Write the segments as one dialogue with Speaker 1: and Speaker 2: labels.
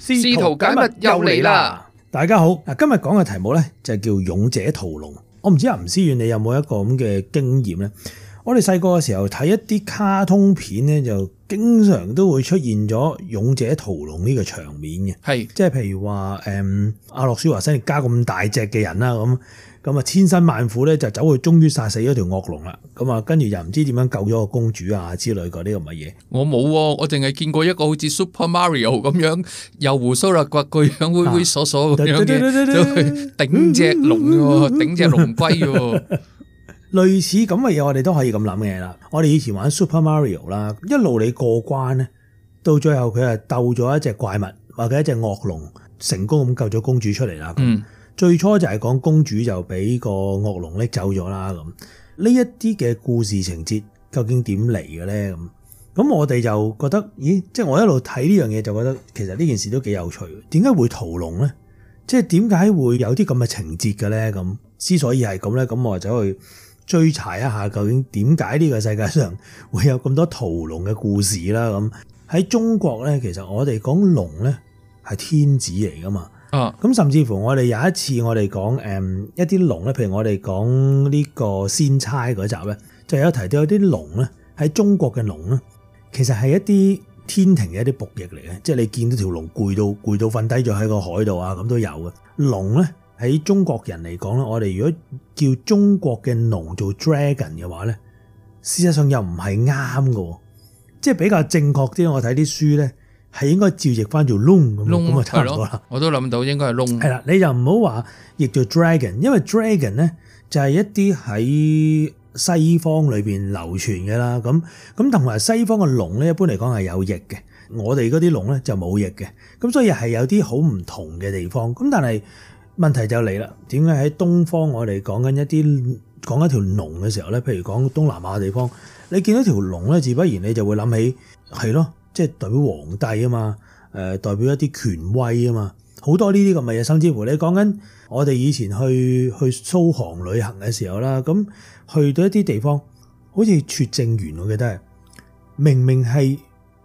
Speaker 1: 試圖解密又嚟啦！大家好，嗱，今日講嘅題目咧就叫勇者屠龍。我唔知啊吳思遠你有冇一個咁嘅經驗咧？我哋細個嘅時候睇一啲卡通片咧，就經常都會出現咗勇者屠龍呢個場面嘅，係即係譬如話，誒、嗯，阿諾舒華生加咁大隻嘅人啦咁。咁啊，千辛萬苦咧，就走去，終於殺死咗條惡龍啦。咁啊，跟住又唔知點樣救咗個公主啊之類嗰啲咁嘅嘢。
Speaker 2: 我冇，我淨係見過一個好似 Super Mario 咁樣，又胡鬚啦掘，個樣猥猥瑣瑣嘅樣嘅，就去頂隻龍，頂隻龍龜。
Speaker 1: 類似咁嘅嘢，我哋都可以咁諗嘅啦。我哋以前玩 Super Mario 啦，一路你過關咧，到最後佢係鬥咗一隻怪物或者一隻惡龍，成功咁救咗公主出嚟啦。嗯。最初就係講公主就俾個惡龍拎走咗啦，咁，呢一啲嘅故事情節究竟點嚟嘅呢？咁，咁我哋就覺得，咦，即係我一路睇呢樣嘢就覺得，其實呢件事都幾有趣。點解會屠龍呢？即係點解會有啲咁嘅情節嘅呢？咁之所以係咁呢，咁我就去追查一下究竟點解呢個世界上會有咁多屠龍嘅故事啦。咁喺中國呢，其實我哋講龍呢，係天子嚟噶嘛。啊！咁甚至乎我哋有一次我哋講誒，一啲龍咧，譬如我哋講呢個先差嗰集咧，就有提到有啲龍咧，喺中國嘅龍咧，其實係一啲天庭嘅一啲僕役嚟嘅，即係你見到條龍攰到攰到瞓低咗喺個海度啊，咁都有嘅。龍咧喺中國人嚟講咧，我哋如果叫中國嘅龍做 dragon 嘅話咧，事實上又唔係啱㗎，即係比較正確啲。我睇啲書咧。係應該照譯翻做窿咁，窿咁啊，差唔多啦。
Speaker 2: 我都諗到應該係窿。係啦，
Speaker 1: 你就唔好話譯做 dragon，因為 dragon 咧就係一啲喺西方裏邊流傳嘅啦。咁咁同埋西方嘅龍咧，一般嚟講係有翼嘅。我哋嗰啲龍咧就冇翼嘅。咁所以係有啲好唔同嘅地方。咁但係問題就嚟啦，點解喺東方我哋講緊一啲講緊條龍嘅時候咧，譬如講東南亞地方，你見到條龍咧，自不然你就會諗起係咯。即係代表皇帝啊嘛，誒、呃，代表一啲權威啊嘛，好多呢啲咁嘅嘢，甚至乎。你講緊我哋以前去去蘇杭旅行嘅時候啦，咁去到一啲地方，好似拙政園，我記得係，明明係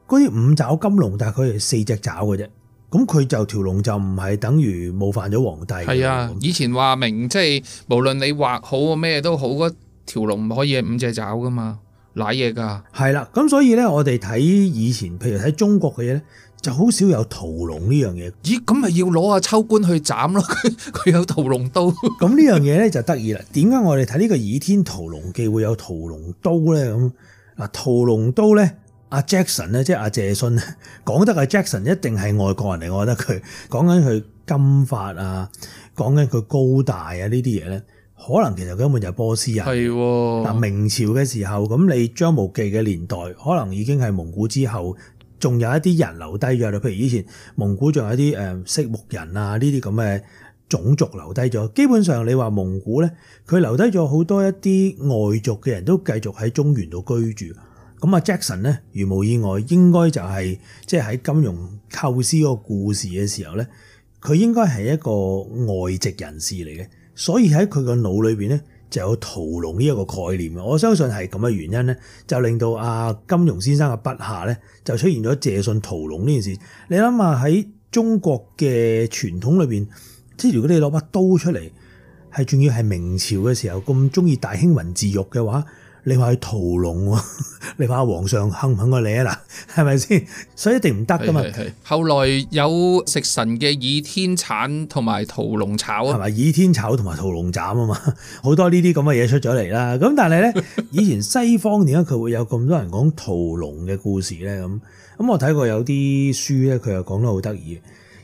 Speaker 1: 嗰啲五爪金龍，但係佢係四隻爪嘅啫，咁、那、佢、個、就條龍就唔係等於冒犯咗皇帝。係啊，
Speaker 2: 以前話明即係無論你畫好咩都好，嗰條龍唔可以係五隻爪噶嘛。攋嘢㗎，
Speaker 1: 係啦，咁所以咧，我哋睇以前，譬如睇中國嘅嘢咧，就好少有屠龍呢樣嘢。咦，咁咪要攞阿秋官去
Speaker 2: 斬咯？佢 有屠龍
Speaker 1: 刀。咁 呢樣嘢咧就得意啦。點解我哋睇呢個《倚天屠龍記》會有屠龍刀咧？咁嗱，屠龍刀咧，阿、啊、Jackson 咧、啊，即係阿謝遜，講得阿 Jackson 一定係外國人嚟，我覺得佢講緊佢金髮啊，講緊佢高大啊呢啲嘢咧。可能其實根本就係波斯人。係喎、哦，嗱明朝嘅時候，咁你張無忌嘅年代，可能已經係蒙古之後，仲有一啲人留低咗啦。譬如以前蒙古仲有啲誒色目人啊，呢啲咁嘅種族留低咗。基本上你話蒙古咧，佢留低咗好多一啲外族嘅人都繼續喺中原度居住。咁啊，Jackson 咧，如無意外，應該就係即係喺金庸構思個故事嘅時候咧，佢應該係一個外籍人士嚟嘅。所以喺佢個腦裏面咧，就有屠龍呢一個概念。我相信係咁嘅原因咧，就令到阿金庸先生嘅筆下咧，就出現咗謝遜屠龍呢件事。你諗下喺中國嘅傳統裏面，即係如果你攞把刀出嚟，係仲要係明朝嘅時候咁中意大興文字獄嘅話。你話去屠龍喎？你話皇上肯唔肯過你啊？嗱，係咪先？所以一定唔得噶嘛係係係。
Speaker 2: 後來有食神嘅倚天剷同埋屠龍炒，係咪倚
Speaker 1: 天炒同埋屠龍斬啊嘛？好多呢啲咁嘅嘢出咗嚟啦。咁但係咧，以前西方點解佢會有咁多人講屠龍嘅故事咧？咁 咁我睇過有啲書咧，佢又講得好得意。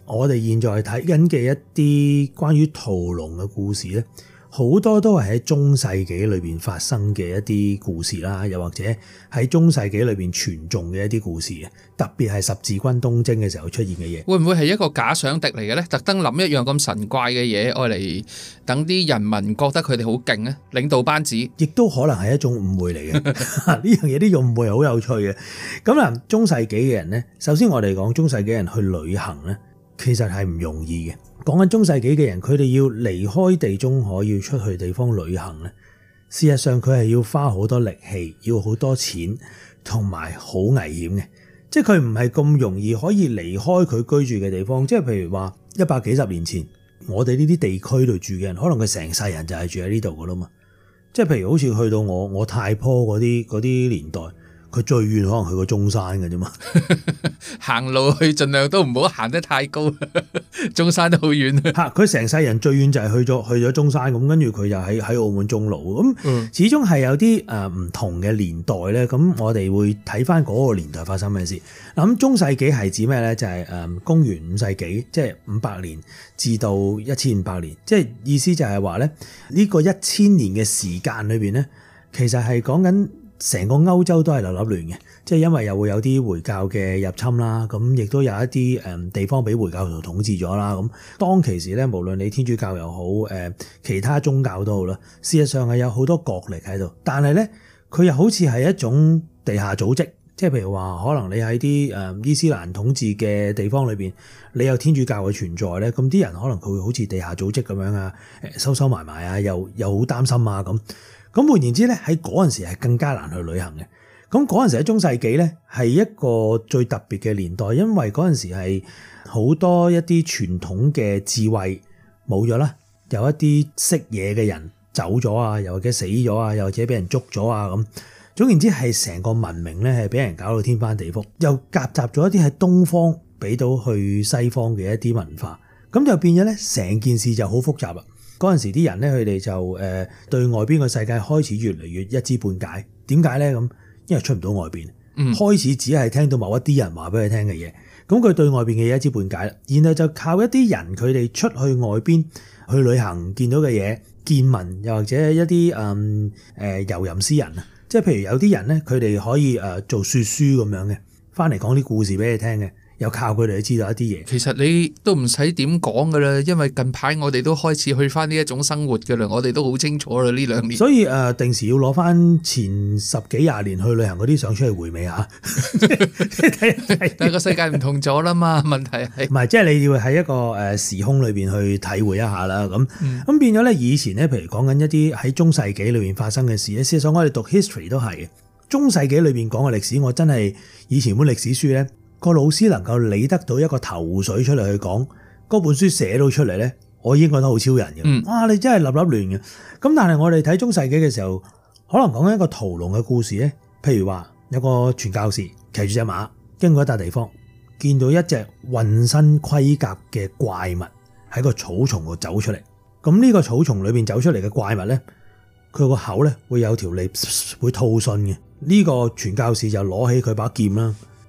Speaker 1: 我哋現在睇緊嘅一啲關於屠龍嘅故事咧。好多都係喺中世紀裏邊發生嘅一啲故事啦，又或者喺中世紀裏邊傳頌嘅一啲故事，特別係十字軍東征嘅時候出現嘅嘢，
Speaker 2: 會唔會係一個假想敵嚟嘅咧？特登諗一樣咁神怪嘅嘢，愛嚟等啲人民覺得佢哋好勁咧？領導班子亦
Speaker 1: 都可能係一種誤會嚟嘅，呢樣嘢啲誤會好有趣嘅。咁嗱，中世紀嘅人呢，首先我哋講中世紀嘅人去旅行呢，其實係唔容易嘅。講緊中世紀嘅人，佢哋要離開地中海，要出去地方旅行呢。事實上，佢係要花好多力氣，要好多錢，同埋好危險嘅。即係佢唔係咁容易可以離開佢居住嘅地方。即係譬如話，一百幾十年前，我哋呢啲地區度住嘅人，可能佢成世人就係住喺呢度噶啦嘛。即係譬如好似去到我我太婆嗰啲嗰啲年代。佢最遠可能去過中山㗎啫嘛，
Speaker 2: 行路去，盡量都唔好行得太高。 中山都好遠。
Speaker 1: 嚇，佢成世人最遠就係去咗去咗中山咁，跟住佢就喺喺澳門中路。咁，始終係有啲誒唔同嘅年代咧。咁我哋會睇翻嗰個年代發生咩事。咁中世紀係指咩咧？就係、係、誒公元五世紀，即係五百年至到一千五百年，即係意思就係話咧，呢、呢個一千年嘅時間裏邊咧，其實係講緊。成個歐洲都係流立亂嘅，即係因為又會有啲回教嘅入侵啦，咁亦都有一啲誒地方俾回教徒統治咗啦。咁當其時咧，無論你天主教又好，誒其他宗教都好啦，事實上係有好多角力喺度，但係咧佢又好似係一種地下組織，即係譬如話可能你喺啲誒伊斯蘭統治嘅地方裏邊，你有天主教嘅存在咧，咁啲人可能佢會好似地下組織咁樣啊，收收埋埋啊，又又好擔心啊咁。咁換言之咧，喺嗰陣時係更加難去旅行嘅。咁嗰陣時喺中世紀咧，係一個最特別嘅年代，因為嗰陣時係好多一啲傳統嘅智慧冇咗啦，有一啲識嘢嘅人走咗啊，又或者死咗啊，又或者俾人捉咗啊咁。總言之，係成個文明咧係俾人搞到天翻地覆，又夾雜咗一啲喺東方俾到去西方嘅一啲文化，咁就變咗咧成件事就好複雜啦。嗰陣時啲人咧，佢哋就誒對外邊嘅世界開始越嚟越一知半解。點解咧？咁因為出唔到外邊，開始只係聽到某一啲人話俾佢聽嘅嘢。咁佢對外邊嘅嘢一知半解啦。然後就靠一啲人佢哋出去外邊去旅行見到嘅嘢，見聞又或者一啲誒誒遊吟詩人啊，即係譬如有啲人咧，佢哋可以誒做說書咁樣嘅，翻嚟講啲故事俾你聽嘅。又靠佢哋知道一啲嘢。
Speaker 2: 其實你都唔使點講㗎啦，因為近排我哋都開始去翻呢一種生活㗎啦，我哋都好清楚啦呢兩年。所
Speaker 1: 以誒，定時要攞翻前十幾廿年去旅行嗰啲相出嚟回味吓。
Speaker 2: 但個世界唔同咗啦嘛，問題係
Speaker 1: 唔係？即係你要喺一個誒時空裏面去體會一下啦。咁咁變咗咧，以前咧，譬如講緊一啲喺中世紀裏面發生嘅事。其實我哋讀 history 都係嘅。中世紀裏面講嘅歷史，我真係以前本歷史書咧。個老師能夠理得到一個頭緒出嚟，去講，嗰本書寫到出嚟呢，我已經覺得好超人嘅，嗯。哇，你真係立立亂嘅。咁但係我哋睇中世紀嘅時候，可能講緊一個屠龍嘅故事呢。譬如話有個傳教士騎住隻馬經過一笪地方，見到一隻渾身盔甲嘅怪物喺個草叢度走出嚟。咁、這、呢個草叢裏面走出嚟嘅怪物呢，佢個口呢會有條脷會吐信嘅。呢、這個傳教士就攞起佢把劍啦。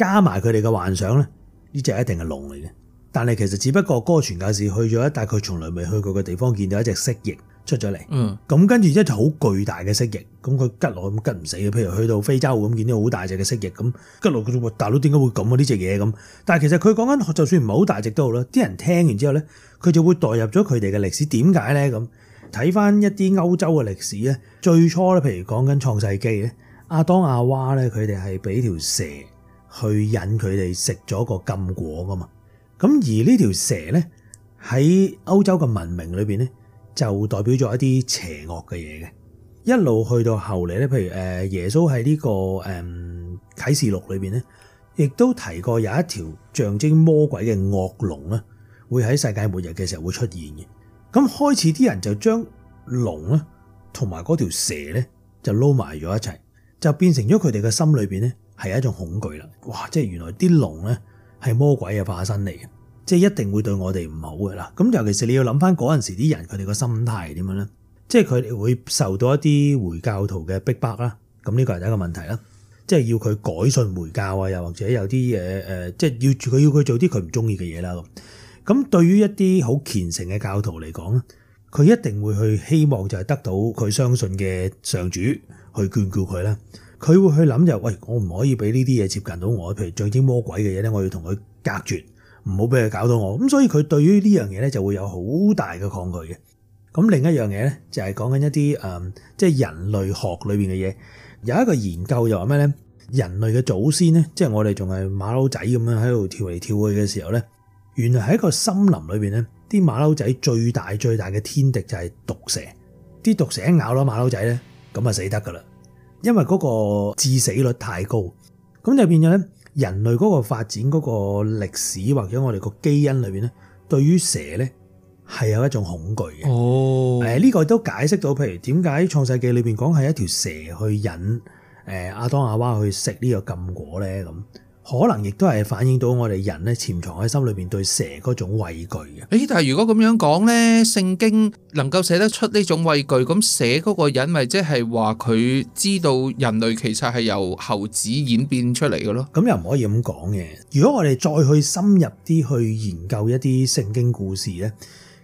Speaker 1: 加埋佢哋嘅幻想咧，呢隻一,一定係龍嚟嘅。但係其實只不過個傳教士去咗一笪佢從來未去過嘅地方，見到一隻蜥蜴出咗嚟。嗯，咁跟住一隻好巨大嘅蜥蜴，咁佢吉落咁吉唔死嘅。譬如去到非洲咁，見到好大隻嘅蜥蜴咁吉落佢，大佬點解會咁啊？呢隻嘢咁，但係其實佢講緊就算唔係好大隻都好啦。啲人聽完之後咧，佢就會代入咗佢哋嘅歷史點解咧，咁睇翻一啲歐洲嘅歷史咧，最初咧，譬如講緊創世紀咧，阿當阿娃咧，佢哋係俾條蛇，去引佢哋食咗個禁果噶嘛？咁而條呢條蛇咧，喺歐洲嘅文明裏面咧，就代表咗一啲邪惡嘅嘢嘅。一路去到後嚟咧，譬如耶穌喺、這個嗯、呢個誒啟示錄裏面咧，亦都提過有一條象徵魔鬼嘅惡龍呢，會喺世界末日嘅時候會出現嘅。咁開始啲人就將龍呢，同埋嗰條蛇咧就撈埋咗一齊，就變成咗佢哋嘅心裏面咧。係一種恐懼啦！哇，即係原來啲龍咧係魔鬼嘅化身嚟嘅，即係一定會對我哋唔好噶啦。咁尤其是你要諗翻嗰陣時啲人佢哋個心態係點樣咧？即係佢哋會受到一啲回教徒嘅逼迫啦。咁呢個係第一個問題啦。即係要佢改信回教啊，又或者有啲嘢、呃、即係要佢要佢做啲佢唔中意嘅嘢啦。咁對於一啲好虔誠嘅教徒嚟講，佢一定會去希望就係得到佢相信嘅上主去眷顧佢啦。佢會去諗就，喂，我唔可以俾呢啲嘢接近到我，譬如象徵魔鬼嘅嘢咧，我要同佢隔絕，唔好俾佢搞到我。咁所以佢對於呢樣嘢咧就會有好大嘅抗拒嘅。咁另一樣嘢咧就係講緊一啲誒、嗯，即係人類學裏邊嘅嘢。有一個研究就係咩咧？人類嘅祖先咧，即係我哋仲係馬騮仔咁樣喺度跳嚟跳去嘅時候咧，原來喺一個森林裏邊咧，啲馬騮仔最大最大嘅天敵就係毒蛇。啲毒蛇咬咗馬騮仔咧，咁啊死得㗎啦～因為嗰個致死率太高，咁就變咗咧人類嗰個發展嗰、嗰個歷史或者我哋個基因裏面，咧，對於蛇咧係有一種恐懼嘅。哦、oh. 呃，呢、這個都解釋到，譬如點解創世記裏面講係一條蛇去引誒亞、呃、當亞娃去食呢個禁果咧咁。嗯可能亦都係反映到我哋人咧潛藏喺心裏面對蛇嗰種畏懼
Speaker 2: 嘅。誒，但係如果咁樣講呢，聖經能夠寫得出呢種畏懼，咁寫嗰個人咪即係話佢知道人類其實係由猴子演變出嚟嘅咯？
Speaker 1: 咁又唔可以咁講嘅。如果我哋再去深入啲去研究一啲聖經故事呢。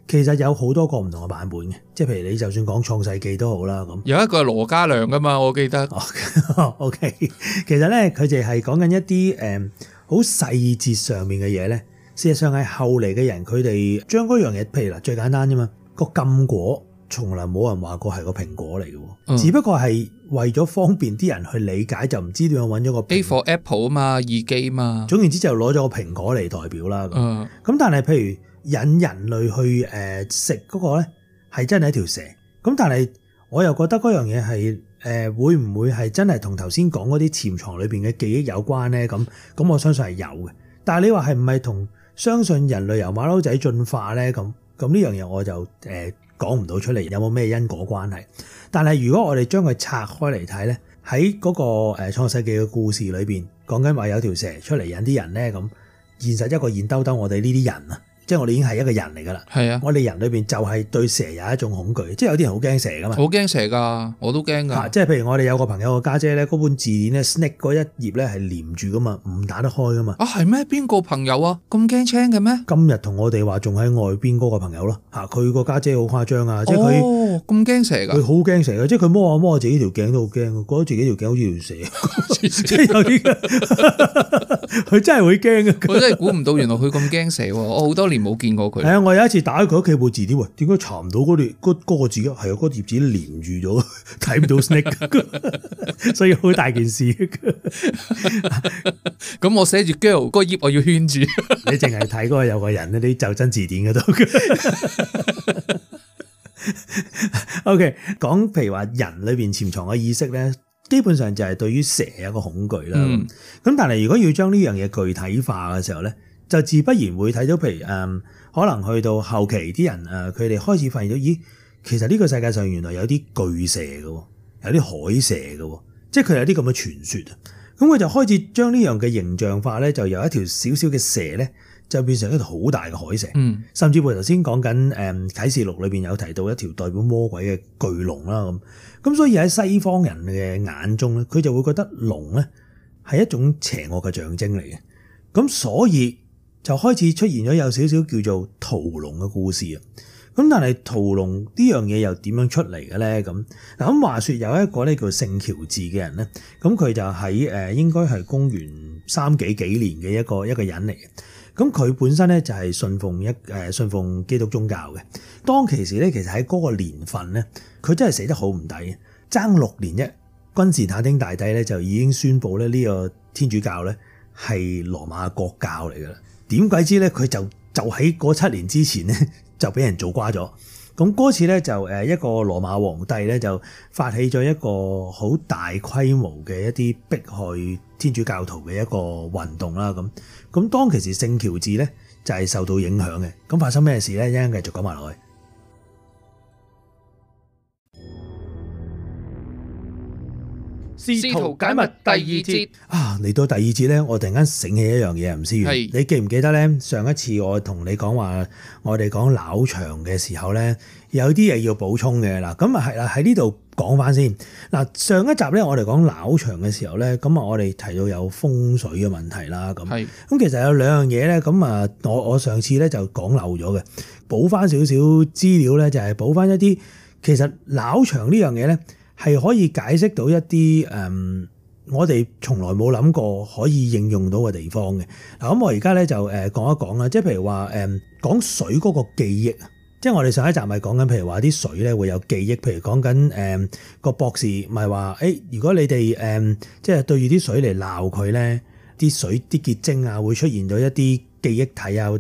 Speaker 1: 其實有好多個唔同嘅版本嘅，即係譬如你就算講創世紀都好啦，咁
Speaker 2: 有一個係羅家良噶嘛，我記得。
Speaker 1: o、okay, K，、okay. 其實咧佢哋係講緊一啲誒好細節上面嘅嘢咧，事實上係後嚟嘅人佢哋將嗰樣嘢，譬如嗱最簡單啫嘛，個禁果從來冇人話過係個蘋果嚟嘅，嗯，只不過係為咗方便啲人去理解，就唔知點樣搵咗個 A for Apple 啊嘛，耳、e、機啊嘛，總言之就攞咗個蘋果嚟代表啦。嗯，咁但係譬如。引人類去、呃、食嗰個咧，係真係一條蛇咁。但係我又覺得嗰樣嘢係誒會唔會係真係同頭先講嗰啲潛藏裏面嘅記憶有關咧？咁咁我相信係有嘅。但係你話係唔係同相信人類由馬騮仔進化咧？咁咁呢樣嘢我就誒、呃、講唔到出嚟，有冇咩因果關係？但係如果我哋將佢拆開嚟睇咧，喺嗰個創世記嘅故事裏面講緊話有條蛇出嚟引啲人咧，咁現實一個現兜兜我哋呢啲人啊～即係我哋已經係一個人嚟噶啦，係啊！我哋人裏邊就係對蛇有一種恐懼，即係有啲人好驚蛇噶嘛，好
Speaker 2: 驚蛇噶，我都驚噶、啊。
Speaker 1: 即係譬如我哋有個朋友個家姐咧，嗰本字典咧 snake 嗰一頁咧係連住噶嘛，唔打得開噶嘛。啊，係咩？邊個朋
Speaker 2: 友啊？咁驚青嘅咩？
Speaker 1: 今日同我哋話仲喺外邊嗰個朋友咯，吓，佢個家姐好誇張啊！即係佢
Speaker 2: 咁驚蛇噶，佢
Speaker 1: 好驚蛇噶，即係佢、哦、摸下摸下，自己條頸都好驚，覺得自己條頸好似條蛇。即係究竟
Speaker 2: 佢真係會驚啊？我真係估唔到，原來佢咁驚蛇喎！我好多年。冇見過佢，係啊！我
Speaker 1: 有一次打開佢屋企部字典，點解查唔到嗰段個字嘅？係啊，嗰個葉子連住咗，睇唔到 snake， 所以好大件事。咁 我寫住 girl，個頁我要圈住。 你淨係睇嗰個有個人咧，你就真字典嗰度。O K，講譬如話人裏邊潛藏嘅意識咧，基本上就係對於蛇有一個恐懼啦。咁、嗯、但係如果要將呢樣嘢具體化嘅時候咧。就自不然會睇到，譬如誒、嗯，可能去到後期啲人誒，佢哋開始發現到，咦，其實呢個世界上原來有啲巨蛇嘅，有啲海蛇嘅，即係佢有啲咁嘅傳説啊。咁佢就開始將呢樣嘅形象化咧，就由一條小小嘅蛇咧，就變成一條好大嘅海蛇。嗯，甚至乎頭先講緊誒《啟示錄》裏面有提到一條代表魔鬼嘅巨龍啦。咁咁，所以喺西方人嘅眼中咧，佢就會覺得龍咧係一種邪惡嘅象徵嚟嘅。咁所以。就開始出現咗有少少叫做屠龍嘅故事啊！咁但係屠龍呢樣嘢又點樣出嚟嘅咧？咁嗱咁話說有一個咧叫聖喬治嘅人咧，咁佢就喺誒應該係公元三幾幾年嘅一個一個人嚟嘅。咁佢本身咧就係信奉一誒信奉基督宗教嘅。當其時咧，其實喺嗰個年份咧，佢真係死得好唔抵，爭六年啫。君士坦丁大帝咧就已經宣布咧呢個天主教咧係羅馬國教嚟嘅啦。點鬼知咧？佢就就喺嗰七年之前咧，就俾人做瓜咗。咁嗰次咧就誒一個羅馬皇帝咧就發起咗一個好大規模嘅一啲迫害天主教徒嘅一個運動啦。咁咁當其時聖喬治咧就係受到影響嘅。咁發生咩事咧？一陣繼續講埋落去。試圖解密第二節啊！嚟到第二節咧，我突然間醒起一樣嘢，吳思遠，你記唔記得咧？上一次我同你講話，我哋講拗牆嘅時候咧，有啲嘢要補充嘅啦。咁啊，係啦，喺呢度講翻先嗱。上一集咧，我哋講拗牆嘅時候咧，咁啊，我哋提到有風水嘅問題啦。咁係咁，其實有兩樣嘢咧。咁啊，我我上次咧就講漏咗嘅，補翻少少資料咧，就係補翻一啲其實拗牆呢樣嘢咧。係可以解釋到一啲誒、嗯，我哋從來冇諗過可以應用到嘅地方嘅。嗱、嗯，咁我而家咧就誒講一講啦，即係譬如話誒講水嗰個記憶，即係我哋上一集咪講緊，譬如話啲水咧會有記憶，譬如講緊誒個博士咪話，誒、哎、如果你哋誒、嗯、即係對住啲水嚟鬧佢咧，啲水啲結晶啊會出現咗一啲記憶體啊，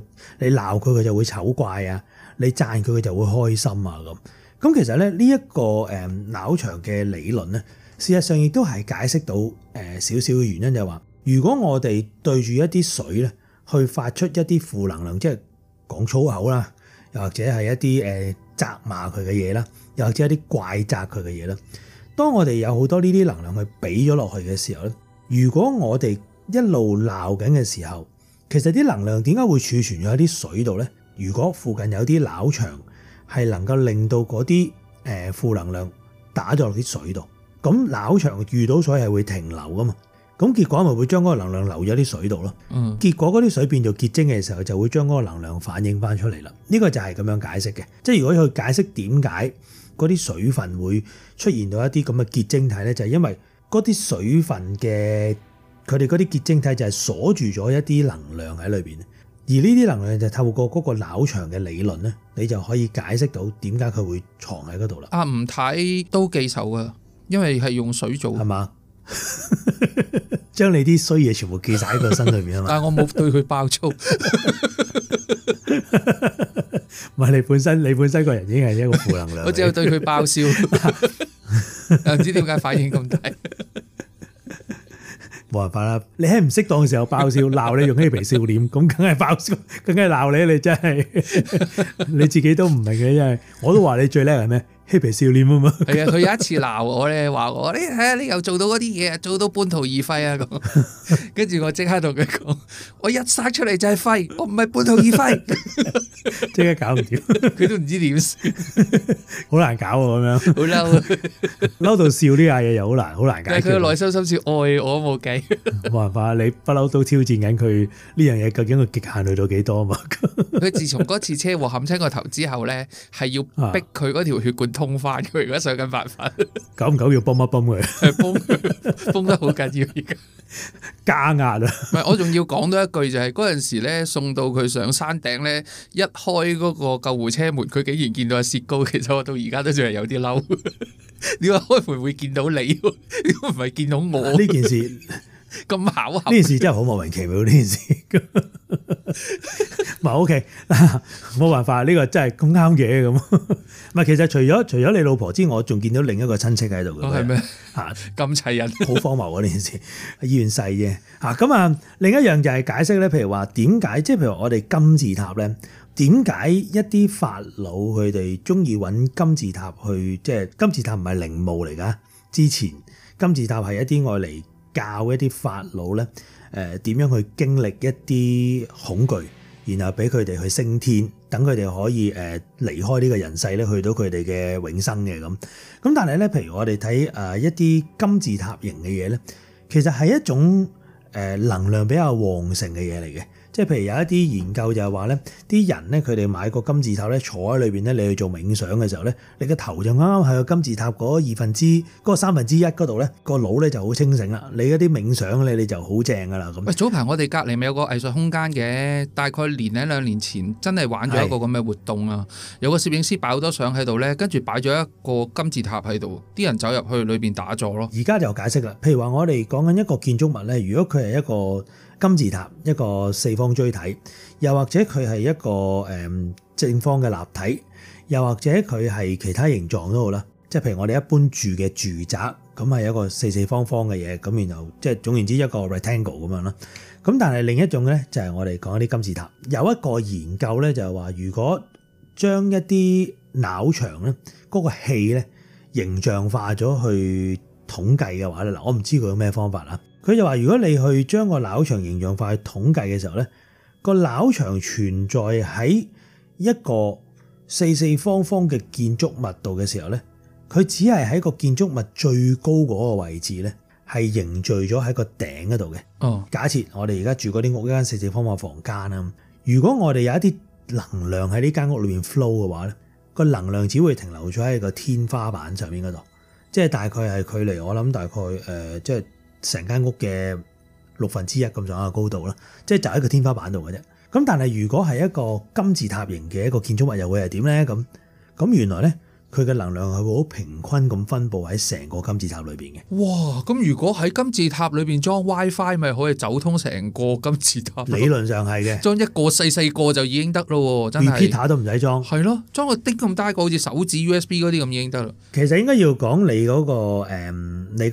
Speaker 1: 你鬧佢佢就會醜怪啊，你讚佢佢就會開心啊咁。咁其實咧，呢一個誒鬧場嘅理論咧，事實上亦都係解釋到誒少少嘅原因就，就係話，如果我哋對住一啲水咧，去發出一啲負能量，即係講粗口啦，又或者係一啲誒責罵佢嘅嘢啦，又或者一啲怪責佢嘅嘢啦，當我哋有好多呢啲能量去俾咗落去嘅時候咧，如果我哋一路鬧緊嘅時候，其實啲能量點解會儲存咗喺啲水度咧？如果附近有啲鬧場。係能夠令到嗰啲誒負能量打咗落啲水度，咁攪場遇到水係會停留㗎嘛，咁結果咪會將嗰個能量留咗啲水度咯。嗯，結果嗰啲水變做結晶嘅時候，就會將嗰個能量反映翻出嚟啦。呢、這個就係咁樣解釋嘅，即係如果去解釋點解嗰啲水分會出現到一啲咁嘅結晶體咧，就係、是、因為嗰啲水分嘅佢哋嗰啲結晶體就係鎖住咗一啲能量喺裏邊。而呢啲能量就透過嗰個腦場嘅理論咧，你就可以解釋到點解
Speaker 2: 佢會藏喺嗰度啦。啊，吳太太都記仇噶，因為係用水做，係嘛？
Speaker 1: 將你啲衰嘢全部記晒喺個身裏邊啊嘛！但係我冇對佢爆粗，唔 係 你本身你本身個人已經係一個負能量。 我只有對佢爆笑，又唔 知點解反應咁大。冇辦法啦，你喺唔適當嘅時候爆笑鬧你，用嬉皮笑臉，咁梗係爆笑，梗係鬧你，你真係你自己都唔明嘅，因為我都話你最叻係咩？嬉皮笑臉啊嘛，係啊！佢有一
Speaker 2: 次鬧我咧，話 我你睇下、啊、你又做到嗰啲嘢，做到半途而廢啊！咁 跟住我即刻同佢講，我一生出嚟就係廢，我唔係半途而廢。
Speaker 1: 即 刻搞唔掂，
Speaker 2: 佢 都唔知點事，
Speaker 1: 好 難搞啊！咁 樣好嬲，嬲到、啊、笑呢下嘢又好難，好難解決。佢內
Speaker 2: 心深處愛我冇計，
Speaker 1: 冇辦法， 你不嬲都挑戰緊佢呢樣嘢，究竟佢極限去到幾多啊嘛？
Speaker 2: 佢 自從嗰次車禍冚親個頭之後咧，係要逼佢嗰條血管。痛快，佢而家想緊辦法，
Speaker 1: 久唔久要崩一崩佢，崩
Speaker 2: 崩得好緊要。而家加壓啊！唔係我仲要講多一句，就係嗰陣時咧，送到佢上山頂咧，一開嗰個救護車門，佢竟然見到阿薛高，其實我到而家都仲係有啲嬲。點解開門會見到你？唔係見到我？呢件事。咁巧合，呢
Speaker 1: 件事真係好莫名其妙呢件事，唔係，OK，冇辦法，呢個真係咁啱嘅咁。唔係，其實除咗除咗你老婆之外，我仲見到另一個親戚喺度嘅。係咩？
Speaker 2: 吓，咁齊人，
Speaker 1: 好荒謬啊！呢件事醫院細啫，吓咁啊！另一樣就係解釋咧，譬如話點解，即係譬如我哋金字塔咧，點解一啲法老佢哋中意揾金字塔去，即係金字塔唔係陵墓嚟噶，之前金字塔係一啲外嚟。教一啲法老咧，誒，點樣去經歷一啲恐懼，然後俾佢哋去升天，等佢哋可以誒離開呢個人世咧，去到佢哋嘅永生嘅咁。咁但係咧，譬如我哋睇誒一啲金字塔型嘅嘢咧，其實係一種誒能量比較旺盛嘅嘢嚟嘅。即係譬如有一啲研究就係話咧，啲人咧佢哋買個金字塔咧坐喺裏面咧，你去做冥想嘅時候咧，你個頭就啱啱喺個金字塔嗰二分之嗰三分之一嗰度咧，個腦咧就好清醒啦。你啲冥想咧，你就好正噶啦咁。喂，早
Speaker 2: 排我哋隔離咪有個藝術空間嘅，大概年零兩年前真係玩咗一個咁嘅活動啊！有個攝影師擺好多相喺度咧，跟住擺咗一個金字塔喺度，啲人走入去裏面打坐咯。
Speaker 1: 而家就解釋啦，譬如話我哋講緊一個建築物咧，如果佢係一個。金字塔一個四方錐體，又或者佢係一個誒正方嘅立體，又或者佢係其他形狀都好啦。即係譬如我哋一般住嘅住宅，咁係一個四四方方嘅嘢，咁然後即係總言之一個 rectangle 咁樣啦。咁但係另一種咧就係我哋講一啲金字塔。有一個研究咧就係話，如果將一啲腦場咧嗰個氣咧形象化咗去統計嘅話咧，嗱，我唔知佢有咩方法啦。佢就話：如果你去將個樓層形象化去統計嘅時候咧，個樓層存在喺一個四四方方嘅建築物度嘅時候咧，佢只係喺個建築物最高嗰個位置咧，係凝聚咗喺個頂嗰度嘅。哦，假設我哋而家住嗰啲屋，一間四四方方嘅房間啦，如果我哋有一啲能量喺呢間屋裏面 flow 嘅話咧，個能量只會停留咗喺個天花板上面嗰度，即係大概係距離我諗大概誒，即係成間屋嘅六分之一咁上下高度啦，即係就喺個天花板度嘅啫。咁但係如果係一個金字塔形嘅一個建築物是呢，又會係點咧？咁咁原來咧，佢嘅能量係會好平均咁分布喺成個金字塔裏邊嘅。
Speaker 2: 哇！咁如果喺金字塔裏邊裝 WiFi，咪可以走通成個金字塔。理論上係嘅，裝一個細細個就已經得咯，真係。Repeater
Speaker 1: 都唔使裝。係咯，
Speaker 2: 裝個叮咁大個，好似手指 USB 嗰啲咁已經得啦。
Speaker 1: 其實應該要講你嗰個誒，你個。嗯你嗰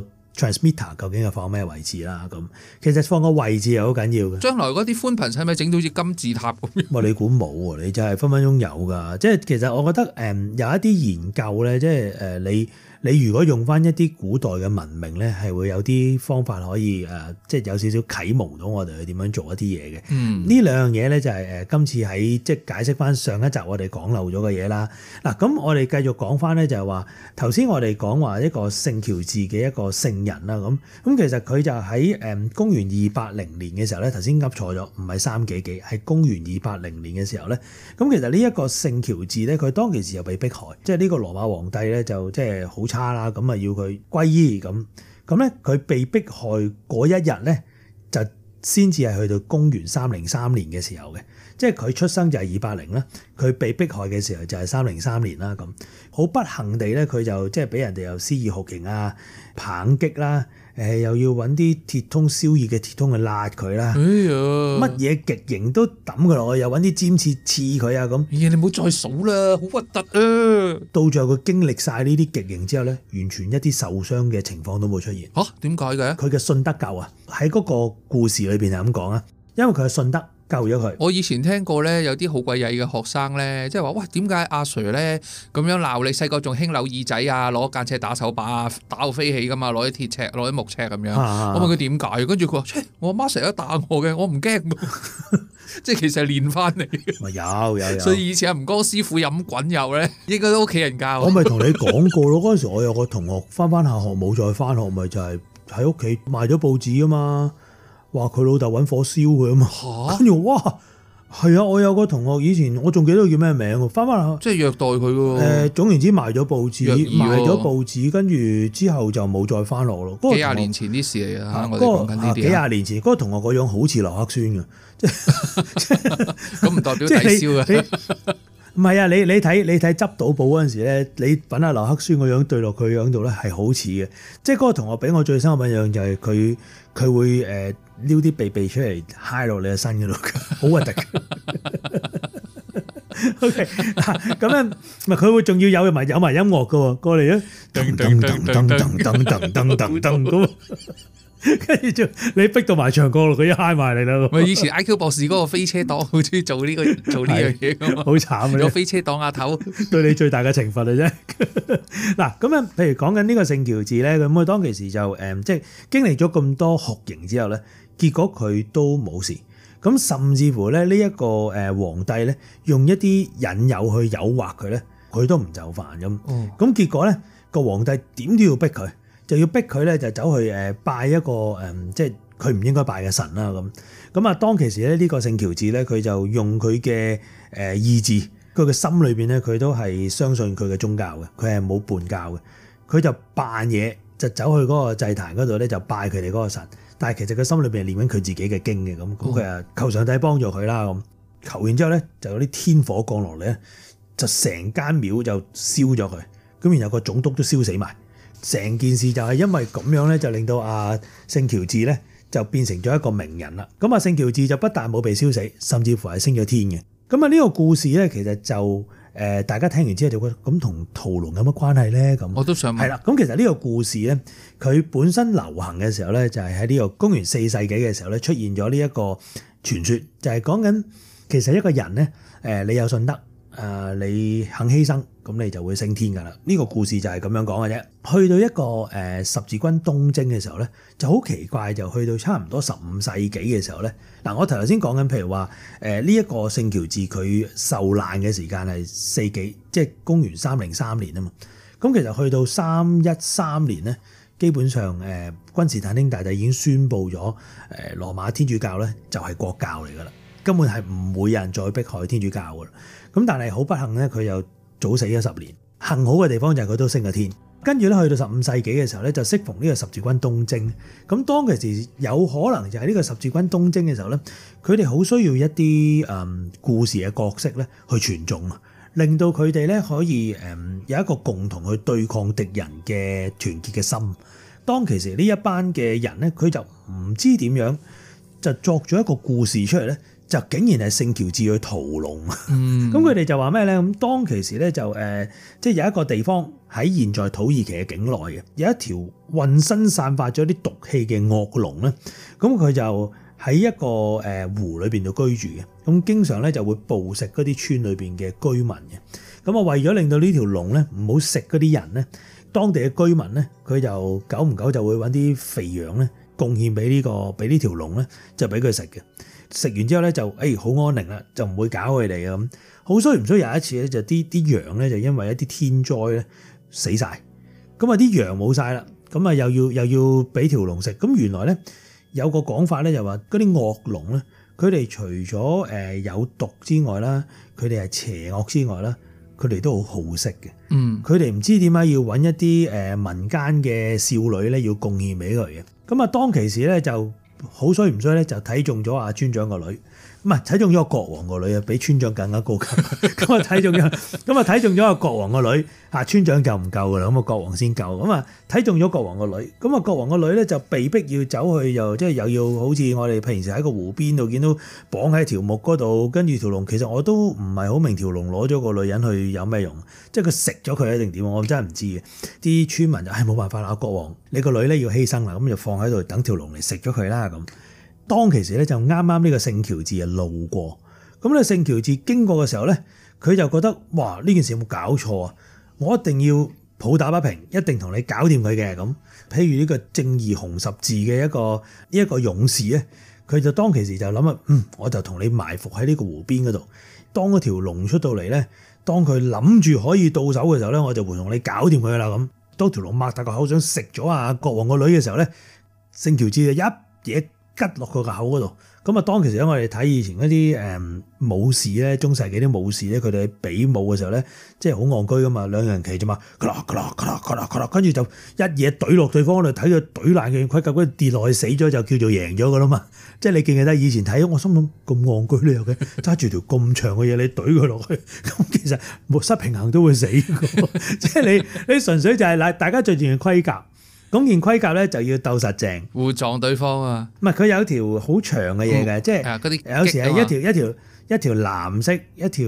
Speaker 1: 個 transmitter 究竟係放咩位置啦？咁其實放個位置又好緊要嘅。將來嗰啲寬頻
Speaker 2: 係咪整到好似金字塔咁？喂，你估冇喎，你就
Speaker 1: 係分分鐘有㗎。即係其實我覺得誒有一啲研究咧，即係誒你。你如果用翻一啲古代嘅文明咧，係會有啲方法可以誒，即係有少少啟蒙到我哋去點樣做一啲嘢嘅。嗯，呢兩樣嘢咧就係今次喺即係解釋翻上，上一集我哋講漏咗嘅嘢啦。嗱、啊，咁我哋繼續講翻咧就係話頭先我哋講話一個聖喬治嘅一個聖人啦。咁咁其實佢就喺公元二八零年嘅時候咧，頭先噏錯咗，唔係三幾幾，係公元二八零年嘅時候咧。咁其實呢一個聖喬治咧，佢當其時又被迫害，即係呢個羅馬皇帝咧就即係好。差啦，咁啊要佢歸依咁，咁咧佢被迫害嗰一日咧，就先至係去到公元三零三年嘅時候嘅，即係佢出生就係二八零啦，佢被迫害嘅時候就係三零三年啦，咁好不幸地咧，佢就即係俾人哋又施以酷刑啊，棒擊啦。又要揾啲鐵通燒熱嘅鐵通去焫佢啦，
Speaker 2: 乜、哎、
Speaker 1: 嘢極刑都抌佢落去，又揾啲尖刺刺佢啊咁。你唔好再數啦，好核突啊！到最後佢經歷晒呢啲極刑之後咧，完全一啲受傷嘅情況都冇出現。嚇、啊，點解嘅？佢嘅信德教啊！喺嗰個故事裏面係咁講啊，因為佢嘅信德。救咗佢。
Speaker 2: 我以前聽過咧，有啲好鬼曳嘅學生咧，即係話：哇，點解阿 Sir 咧咁樣鬧你？細個仲興扭耳仔啊，攞間尺打手板，啊，打到飛起噶嘛，攞啲鐵尺，攞啲木尺咁樣。啊啊啊，我問佢點解，跟住佢話：我阿媽成日都打我嘅，我唔驚。即 係其實是練翻嚟。咪有有，有。所以以前阿吳哥師傅飲滾油咧，應該都屋企人教。 我咪同你
Speaker 1: 講過咯，嗰陣時候我有個同學翻翻下學冇再翻學，咪就係喺屋企賣咗報紙啊嘛。話佢老豆揾火燒佢啊嘛吓，哇係啊！我有個同學以前，我仲記得佢叫咩名字？翻翻嚟
Speaker 2: 即係虐待佢嘅。
Speaker 1: 誒、呃，總言之埋咗，賣咗報紙，賣咗報紙，跟住之後就冇再翻落咯。幾
Speaker 2: 廿年前啲事嚟啦吓，幾廿
Speaker 1: 年前，嗰個同學個樣好似劉克宣嘅。咁 唔即
Speaker 2: 即 代表抵燒
Speaker 1: 嘅。唔係 啊，你你睇你睇執到寶嗰陣時咧，你搵下劉克宣個樣對落佢樣度咧，係好似嘅。即係嗰個同學俾我最深刻印象就係佢佢會誒。呃撩啲鼻鼻出嚟嗨落你個身嗰度，好核突。O K，嗱咁樣咪佢會仲要有埋有埋音樂噶喎，過嚟
Speaker 2: 啊！噔噔噔噔噔噔噔噔噔跟
Speaker 1: 住就你 逼到埋牆角咯，佢一嗨埋嚟啦。以前
Speaker 2: I Q 博士嗰個飛車黨好中意做呢、呢個做呢樣嘢好慘啊！做飛車黨阿頭
Speaker 1: 對你最大嘅懲罰啊啫。嗱咁樣，譬如講緊呢個聖喬治咧，咁佢當其時就誒，即係經歷咗咁多酷刑之後咧。結果佢都冇事，咁甚至乎咧呢一個誒皇帝咧，用一啲引誘去誘惑佢咧，佢都唔就範咁。咁結果咧個皇帝點都要逼佢，就要逼佢咧，就走去誒拜一個誒即係佢唔應該拜嘅神啦咁。咁啊當其時咧呢個聖喬治咧佢就用佢嘅誒意志，佢嘅心裏邊咧佢都係相信佢嘅宗教嘅，佢係冇叛教嘅，佢就扮嘢就走去嗰個祭壇嗰度咧，就拜佢哋嗰個神。但係其實佢心裏邊係念緊佢自己嘅經嘅咁，咁佢啊求上帝幫助佢啦咁，求完之後咧就有啲天火降落嚟咧，就成間廟就燒咗佢，咁然後個總督都燒死埋，成件事就係因為咁樣咧，就令到阿聖喬治咧就變成咗一個名人啦。咁阿聖喬治就不但冇被燒死，甚至乎係升咗天嘅。咁啊呢個故事咧，其實就～誒，大家聽完之後就會覺得咁同屠龍有乜關係咧？咁我都想問。係啦，咁其實呢個故事咧，佢本身流行嘅時候咧，就係喺呢個公元四世紀嘅時候咧，出現咗呢一個傳說，就係講緊其實一個人咧，誒，你有信德，誒，你肯犧牲。咁你就會升天噶啦！呢個故事就係咁樣講嘅啫。去到一個、呃、十字軍東征嘅時候咧，就好奇怪，就去到差唔多十五世紀嘅時候咧。嗱，我頭先講緊，譬如話呢一個聖喬治佢受難嘅時間係四幾，即係公元三零三年啊嘛。咁其實去到三一三年咧，基本上誒、呃、君士坦丁大帝已經宣布咗誒羅馬天主教咧就係國教嚟噶啦，根本係唔會有人再迫害天主教噶啦。咁但係好不幸咧，佢又早死咗十年，幸好嘅地方就係佢都升咗天。跟住咧，去到十五世紀嘅時候咧，就適逢呢個十字軍東征。咁當其時有可能就喺呢個十字軍東征嘅時候咧，佢哋好需要一啲誒、嗯、故事嘅角色咧去傳頌，令到佢哋咧可以誒、嗯、有一個共同去對抗敵人嘅團結嘅心。當其時呢一班嘅人咧，佢就唔知點樣就作咗一個故事出嚟咧。就竟然係聖喬治去屠龍啊嗯，咁佢哋就話咩咧？咁當其時咧就誒，即係有一個地方喺現在土耳其嘅境內嘅，有一條渾身散發咗啲毒氣嘅惡龍咧，咁佢就喺一個誒湖裏邊度居住嘅，咁經常咧就會捕食嗰啲村裏邊嘅居民嘅，咁啊為咗令到呢條龍咧唔好食嗰啲人咧，當地嘅居民咧佢就久唔久就會揾啲肥羊咧貢獻俾呢個俾呢條龍咧就俾佢食嘅。食完之後咧就哎，好安寧啦，就唔會搞佢哋咁。好衰唔衰？有一次咧就啲、是、啲羊咧就因為一啲天災咧死晒。咁啊啲羊冇晒啦，咁啊又要又要俾條龍食。咁原來咧有個講法咧就話嗰啲惡龍咧，佢哋除咗有毒之外啦，佢哋係邪惡之外啦，佢哋都好好食嘅。嗯，佢哋唔知點解要搵一啲民間嘅少女咧要貢獻俾佢嘅。咁啊當其時咧就。好衰唔衰咧，就睇中咗阿村長個女。唔係睇中咗個國王個女啊，比村長更加高級。咁啊睇中咗，咁啊睇中咗個國王個女，吓。村長夠唔夠噶啦？咁啊國王先夠。咁啊睇中咗國王個女。咁啊國王個女咧就被迫要走去，又即係又要好似我哋平時喺個湖邊度見到綁喺條木嗰度，跟住條龍。其實我都唔係好明條龍攞咗個女人去有咩用，即係佢食咗佢一定點？我真係唔知嘅。啲村民就係冇、哎、辦法啦。國王，你個女咧要犧牲啦，咁就放喺度等條龍嚟食咗佢啦咁。當其時咧就啱啱呢個聖喬治啊路過，咁咧聖喬治經過嘅時候咧，佢就覺得哇，呢件事有冇搞錯啊？我一定要抱打不平，一定同你搞掂佢嘅，咁。譬如呢個正義紅十字嘅一個呢一個勇士咧，佢就當其時就諗啊，嗯，我就同你埋伏喺呢個湖邊嗰度，當嗰條龍出到嚟咧，當佢諗住可以到手嘅時候咧，我就會同你搞掂佢啦，咁。當條龍擘大個口想食咗啊國王個女嘅時候咧，聖喬治就一嘢。刉落個口嗰度，咁啊當其時咧，我哋睇以前嗰啲誒武士咧，中世紀啲武士咧，佢哋比武嘅時候咧，即係好戇居噶嘛，兩個人企咋嘛，咔啦咔啦咔啦，跟住就一嘢懟落對方嗰度，睇佢懟爛嘅盔甲嗰個跌落去死咗就叫做贏咗噶啦嘛，即係你記唔記得以前睇，我心諗咁戇居你又嘅，揸住條咁長嘅嘢你懟佢落去，咁其實失平衡都會死嘅，即係你你純粹就係嗱大家最中嘅盔甲。講完盔甲咧就要鬥實正，
Speaker 2: 互撞對方啊！
Speaker 1: 唔係佢有一條好長嘅嘢嘅，嗯、即
Speaker 2: 係嗰啲，有時係一條、啊、一條
Speaker 1: 一條,一條藍色、一條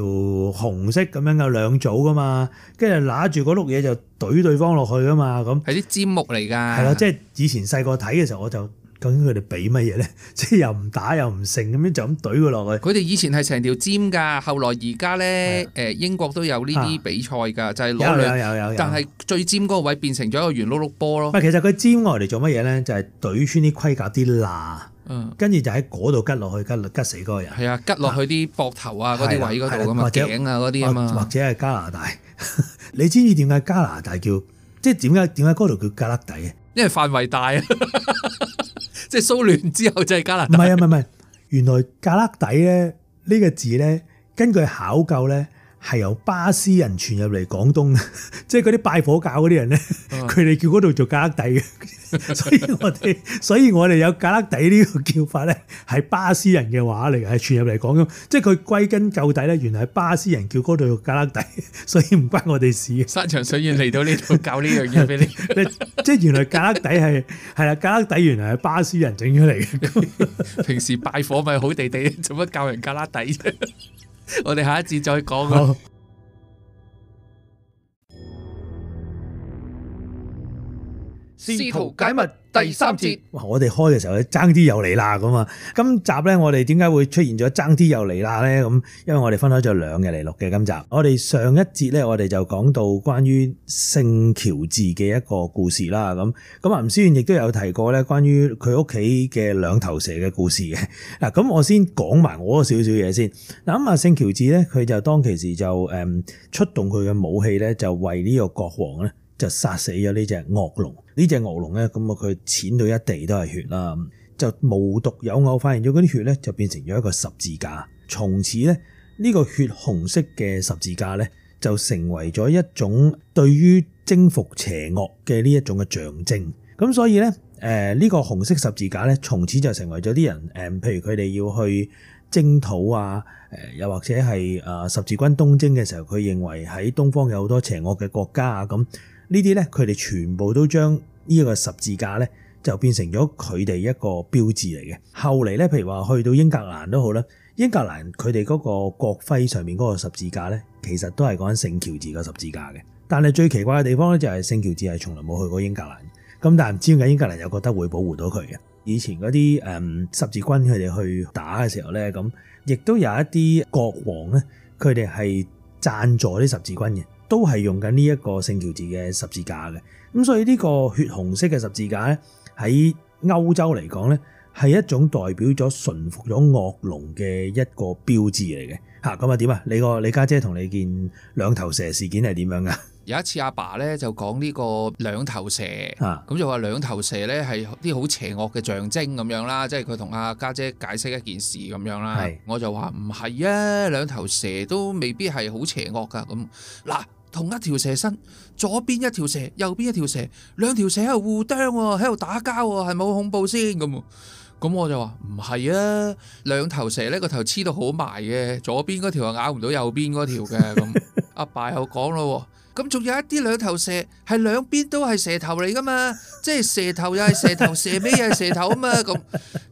Speaker 1: 紅色咁樣嘅兩組噶嘛，跟住揦住嗰碌嘢就懟對,對方落去噶嘛，咁係
Speaker 2: 啲尖木嚟㗎、啊，
Speaker 1: 係啦，即係以前細個睇嘅時候我就。究竟佢哋比乜嘢咧？即係又唔打又唔勝咁樣就咁懟佢落去。
Speaker 2: 佢哋以前係成條尖噶，後來而家咧誒英國都有呢啲比賽噶、啊，就係攞兩，但係最尖嗰個位變成咗一個圓碌碌波咯。唔係，
Speaker 1: 其實佢尖落嚟做乜嘢咧？就係、是、懟穿啲盔甲啲罅，跟、嗯、住就喺嗰度吉落去，吉刉死嗰個人。
Speaker 2: 係啊，吉落去啲膊頭啊嗰啲、啊、位嗰度啊嘛，啊頸嗰啲啊嘛。或
Speaker 1: 者係、啊、加拿大， 你知唔知點解加拿大叫即係點解點解嗰度叫加拿大？嘅？
Speaker 2: 因為範圍大啊。 即係蘇聯之後，就係加拿大。唔係
Speaker 1: 啊，唔係唔係，原來加勒底咧呢個字咧，根據考究咧。係由巴斯人傳入嚟廣東，即係嗰啲拜火教嗰啲人咧，嗯、佢哋叫嗰度做加勒底嘅，所以我哋，所以我哋有加勒底呢個叫法咧，係巴斯人嘅話嚟嘅，係傳入嚟廣東，即係佢歸根究底咧，原來係巴斯人叫嗰度加勒底，所以唔關我哋
Speaker 2: 事嘅。山長水遠嚟到呢度教呢樣嘢
Speaker 1: 俾你，即 係原來加勒底係係啦，加勒底原來係巴斯人整出嚟嘅，
Speaker 2: 平時拜火咪好地地，做乜教人加勒底啫？ 我哋下一次再講啦。試圖解
Speaker 1: 密第三節。哇！我哋開嘅時候，爭啲又嚟啦咁啊！今集咧，我哋點解會出現咗爭啲又嚟啦咧？咁，因為我哋分開咗兩日嚟錄嘅今集。我哋上一節咧，我哋就講到關於聖喬治嘅一個故事啦。咁咁啊，吳思遠亦都有提過咧，關於佢屋企嘅兩頭蛇嘅故事嘅。嗱，咁我先講埋我少少嘢先。嗱咁啊，聖喬治咧，佢就當其時就誒出動佢嘅武器咧，就為呢個國王咧。就殺死咗呢隻惡龍，呢隻惡龍咧，咁啊佢淺到一地都係血啦，就無獨有偶發現咗嗰啲血咧，就變成咗一個十字架。從此咧，呢個血紅色嘅十字架咧，就成為咗一種對於征服邪惡嘅呢一種嘅象徵。咁所以咧，誒呢個紅色十字架咧，從此就成為咗啲人，誒，譬如佢哋要去征討啊，誒，又或者係啊十字軍東征嘅時候，佢認為喺東方有好多邪惡嘅國家啊咁。呢啲咧，佢哋全部都將呢個十字架咧，就變成咗佢哋一個標誌嚟嘅。後嚟咧，譬如話去到英格蘭都好啦，英格蘭佢哋嗰個國徽上面嗰個十字架咧，其實都係講緊聖喬治個十字架嘅。但係最奇怪嘅地方咧，就係聖喬治係從來冇去過英格蘭。咁但係唔知點解英格蘭又覺得會保護到佢嘅。以前嗰啲誒十字軍佢哋去打嘅時候咧，咁亦都有一啲國王咧，佢哋係贊助啲十字軍嘅。都係用緊呢一個聖喬治嘅十字架嘅，咁所以呢個血紅色嘅十字架咧，喺歐洲嚟講咧，係一種代表咗馴服咗惡龍嘅一個標誌嚟嘅吓。咁啊點啊？你個你家姐同你件兩頭蛇事件係點樣㗎？
Speaker 2: 有一次阿爸咧就講呢個兩頭蛇，咁就話兩頭蛇咧係啲好邪惡嘅象徵咁樣啦，即係佢同阿家姐解釋一件事咁樣啦。我就話唔係啊，兩頭蛇都未必係好邪惡噶咁。嗱、啊，同一條蛇身，左邊一條蛇，右邊一條蛇，兩條蛇喺度互啄，喎，喺度打交啊，係咪好恐怖先咁？咁我就話唔係啊，兩頭蛇咧個頭黐到好埋嘅，左邊嗰條咬唔到右邊嗰條嘅咁。阿爸又講咯。 咁仲有一啲兩頭蛇，係兩邊都係蛇頭嚟㗎嘛？即係蛇頭又係蛇頭，蛇尾又係蛇頭啊嘛！咁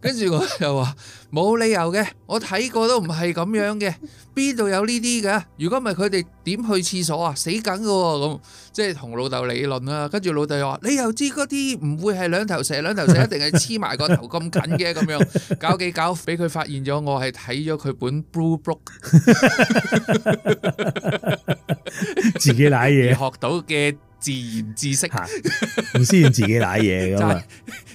Speaker 2: 跟住我又話。冇理由嘅，我睇過都唔係咁樣嘅，邊度有呢啲噶？如果唔係佢哋點去廁所爸爸啊？死緊噶咁，即係同老豆理論啦。跟住老豆話：你又知嗰啲唔會係兩頭蛇，兩頭蛇一定係黐埋個頭咁緊嘅咁樣，搞幾搞俾佢發現咗，我係睇咗佢本《Blue Book 》，
Speaker 1: 自己瀨嘢 學
Speaker 2: 到嘅。自然知識 ，
Speaker 1: 吳思遠自己瀨嘢咁嘛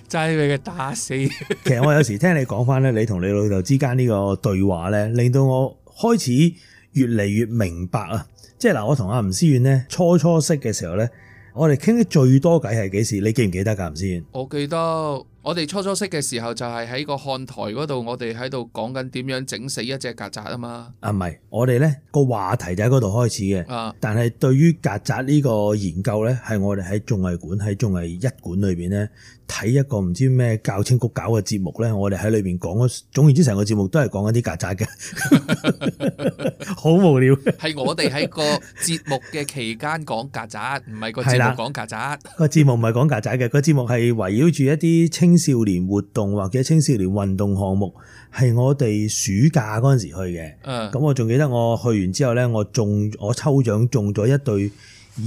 Speaker 2: 就係俾佢打死。其實我
Speaker 1: 有時聽你講翻咧，你同你老豆之間呢個對話咧，令到我開始越嚟越明白啊！即係嗱，我同阿吳思遠咧，初初識嘅時候咧，我哋傾得最多偈係幾時？你記唔記得噶？吳思遠，
Speaker 2: 我記得。我哋初初識嘅時候就係喺個看台嗰度，啊，我哋喺度講緊點樣整死一隻曱甴啊嘛！
Speaker 1: 啊，唔係，我哋咧個話題就喺嗰度開始嘅。啊，但係對於曱甴呢個研究咧，係我哋喺綜藝館，喺綜藝一館裏邊咧。睇一個唔知咩教青局搞嘅節目咧，我哋喺裏面講咗，總言之成個節目都係講一啲曱甴嘅，好 無聊。係我哋喺
Speaker 2: 個節目嘅期間講曱甴，唔係個節目講曱甴。
Speaker 1: 個節目唔係講曱甴嘅，個節目係圍繞住一啲青少年活動或者青少年運動項目，係我哋暑假嗰陣時去嘅。咁我仲記得我去完之後咧，我中我抽獎中咗一對。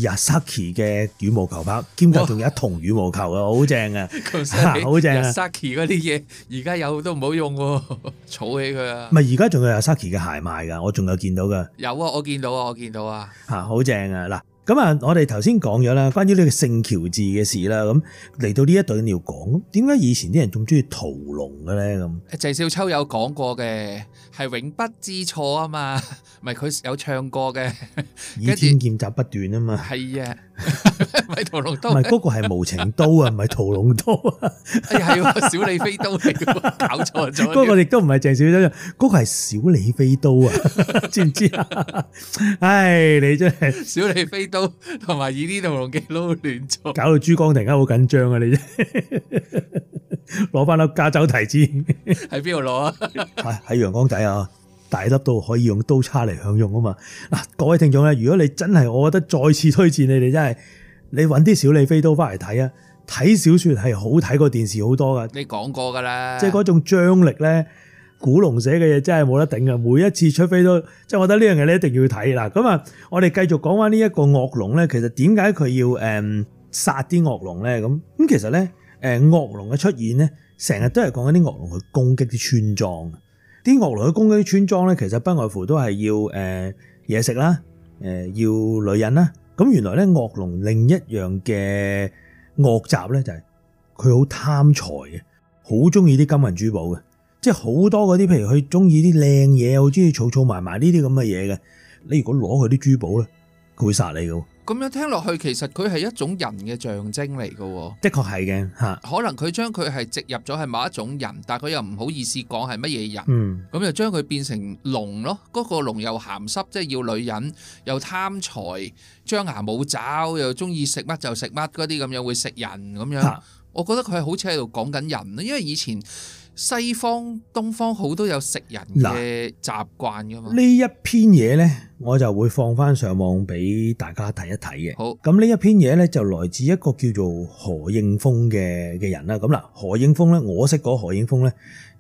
Speaker 1: 阿 Saki 嘅羽毛球拍，兼過仲有一桶羽毛球啊，好正啊！好正啊！阿
Speaker 2: Saki 嗰啲嘢，而家有都唔好用喎，儲 起佢啊！
Speaker 1: 唔係，而家仲有阿 Saki 嘅鞋賣噶，我仲有見到噶。
Speaker 2: 有啊，我見到啊，我見到啊！
Speaker 1: 吓，好正啊！嗱，咁啊，我哋頭先講咗啦，關於呢個聖喬治嘅事啦，咁嚟到呢一隊你要講，點解以前啲人仲中意屠龍嘅咧？咁
Speaker 2: 鄭少秋有講過嘅。係永不知錯啊嘛，咪佢有唱過嘅，倚天
Speaker 1: 劍習不斷啊嘛，係
Speaker 2: 啊，咪屠龍刀，唔係嗰
Speaker 1: 個係無情刀啊，唔係屠龍刀
Speaker 2: 啊，係 係、哎、小李飛刀嚟嘅， 搞錯咗，嗰、嗰個
Speaker 1: 亦都唔係鄭少秋，嗰個係小李飛刀啊， 刀 知唔知啊？唉、 哎，你真係
Speaker 2: 小李飛刀同埋倚天屠龍記撈亂咗，搞
Speaker 1: 到珠江突然間好緊張啊你。 攞翻粒加州提子
Speaker 2: 喺邊度攞啊？喺
Speaker 1: 喺陽光底啊，大粒到可以用刀叉嚟享用啊嘛！嗱，各位聽眾咧，如果你真係，我覺得再次推薦你哋，真係你揾啲小李飛刀翻嚟睇啊！睇小說係好睇過電視好多噶。
Speaker 2: 你講過噶啦，即係嗰
Speaker 1: 種張力咧，古龍寫嘅嘢真係冇得頂噶。每一次出飛刀，即係我覺得呢樣嘢你一定要睇啦。咁啊，我哋繼續講翻呢一個惡龍咧，其實點解佢要誒殺啲惡龍咧？咁、嗯、咁其實咧。誒惡龍嘅出現咧，成日都係講緊啲惡龍去攻擊啲村莊。啲惡龍去攻擊啲村莊咧，其實不外乎都係要誒嘢、呃、食啦，誒要女人啦。咁原來咧，惡龍另一樣嘅惡習咧就係佢好貪財嘅，好中意啲金銀珠寶嘅，即係好多嗰啲譬如佢中意啲靚嘢，好中意儲儲埋埋呢啲咁嘅嘢嘅。你如果攞佢啲珠寶咧，佢會殺你嘅。
Speaker 2: 咁樣聽落去，其實佢係一種人嘅象徵嚟噶，的確係嘅吓。可能佢將佢係植入咗係某一種人，但係佢又唔好意思講係乜嘢人。咁就將佢變成龍咯。嗰個龍又咸濕，即係要女人，又貪財，張牙冇爪，又中意食乜就食乜，嗰啲咁樣會食人咁樣。我覺得佢好似喺度講緊人咧，因為以前。西方、東方好多有食人嘅習慣噶嘛？
Speaker 1: 呢一篇嘢咧，我就會放翻上網俾大家睇一睇嘅。好，咁呢一篇嘢咧就來自一個叫做何應豐嘅嘅人啦。咁啦，何應豐咧，我識嗰何應豐咧，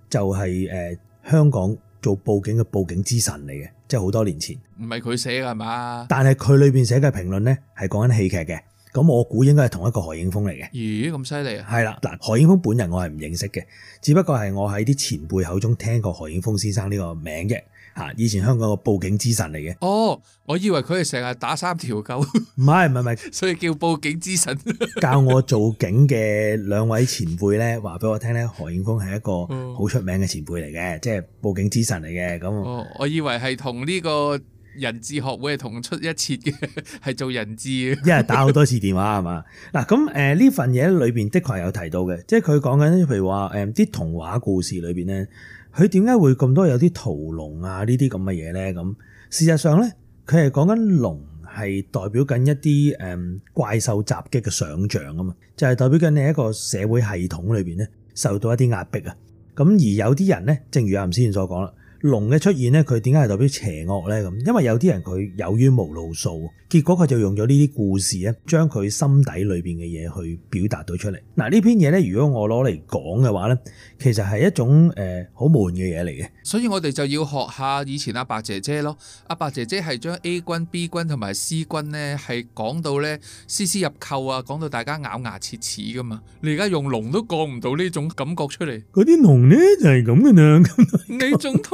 Speaker 1: 就係誒香港做報警嘅報警之神嚟嘅，即係好多年前。
Speaker 2: 唔係佢寫噶係嘛？
Speaker 1: 但係佢裏邊寫嘅評論咧，係講緊戲劇嘅。咁我估應該係同一個何應豐嚟嘅。
Speaker 2: 咦？咁犀利啊！係
Speaker 1: 啦，嗱，何應豐本人我係唔認識嘅，只不過係我喺啲前輩口中聽過何應豐先生呢個名嘅吓。以前香港個報警之神嚟嘅。
Speaker 2: 哦，我以為佢係成日打三條狗。唔係唔係唔係，所以叫報警之神。 教我
Speaker 1: 做警嘅兩位前輩咧，話俾我聽咧，何應豐係一個好出名嘅前輩嚟嘅，嗯，即係報警之神嚟嘅。咁、哦，
Speaker 2: 我以為係同呢個。人智學會係同出一轍嘅，係做人智嘅，一 日打好多
Speaker 1: 次電話係嘛？嗱咁誒，呢、呃、份嘢裏邊的確係有提到嘅，即係佢講緊，譬如話誒啲童話故事裏邊咧，佢點解會咁多有啲屠龍啊呢啲咁嘅嘢咧？咁、嗯、事實上咧，佢係講緊龍係代表緊一啲誒、嗯、怪獸襲擊嘅想象啊嘛，就係、是、代表緊你一個社會系統裏邊咧受到一啲壓迫啊。咁、嗯、而有啲人咧，正如阿林先生所講啦。龍嘅出現呢，佢點解係代表邪惡呢？咁因為有啲人佢有冤無路數，結果佢就用咗呢啲故事咧，將佢心底裏面嘅嘢去表達到出嚟。嗱、啊，呢篇嘢呢，如果我攞嚟講嘅話呢，其實係一種誒好、呃、悶嘅嘢嚟嘅。
Speaker 2: 所以我哋就要學下以前阿白姐姐咯。阿白姐姐係將 A 君、B 君同埋 C 君呢，係講到呢，絲絲入扣啊，講到大家咬牙切齒噶嘛。你而家用龍都講唔到呢種感覺出嚟。
Speaker 1: 嗰啲龍呢，就係咁嘅啦。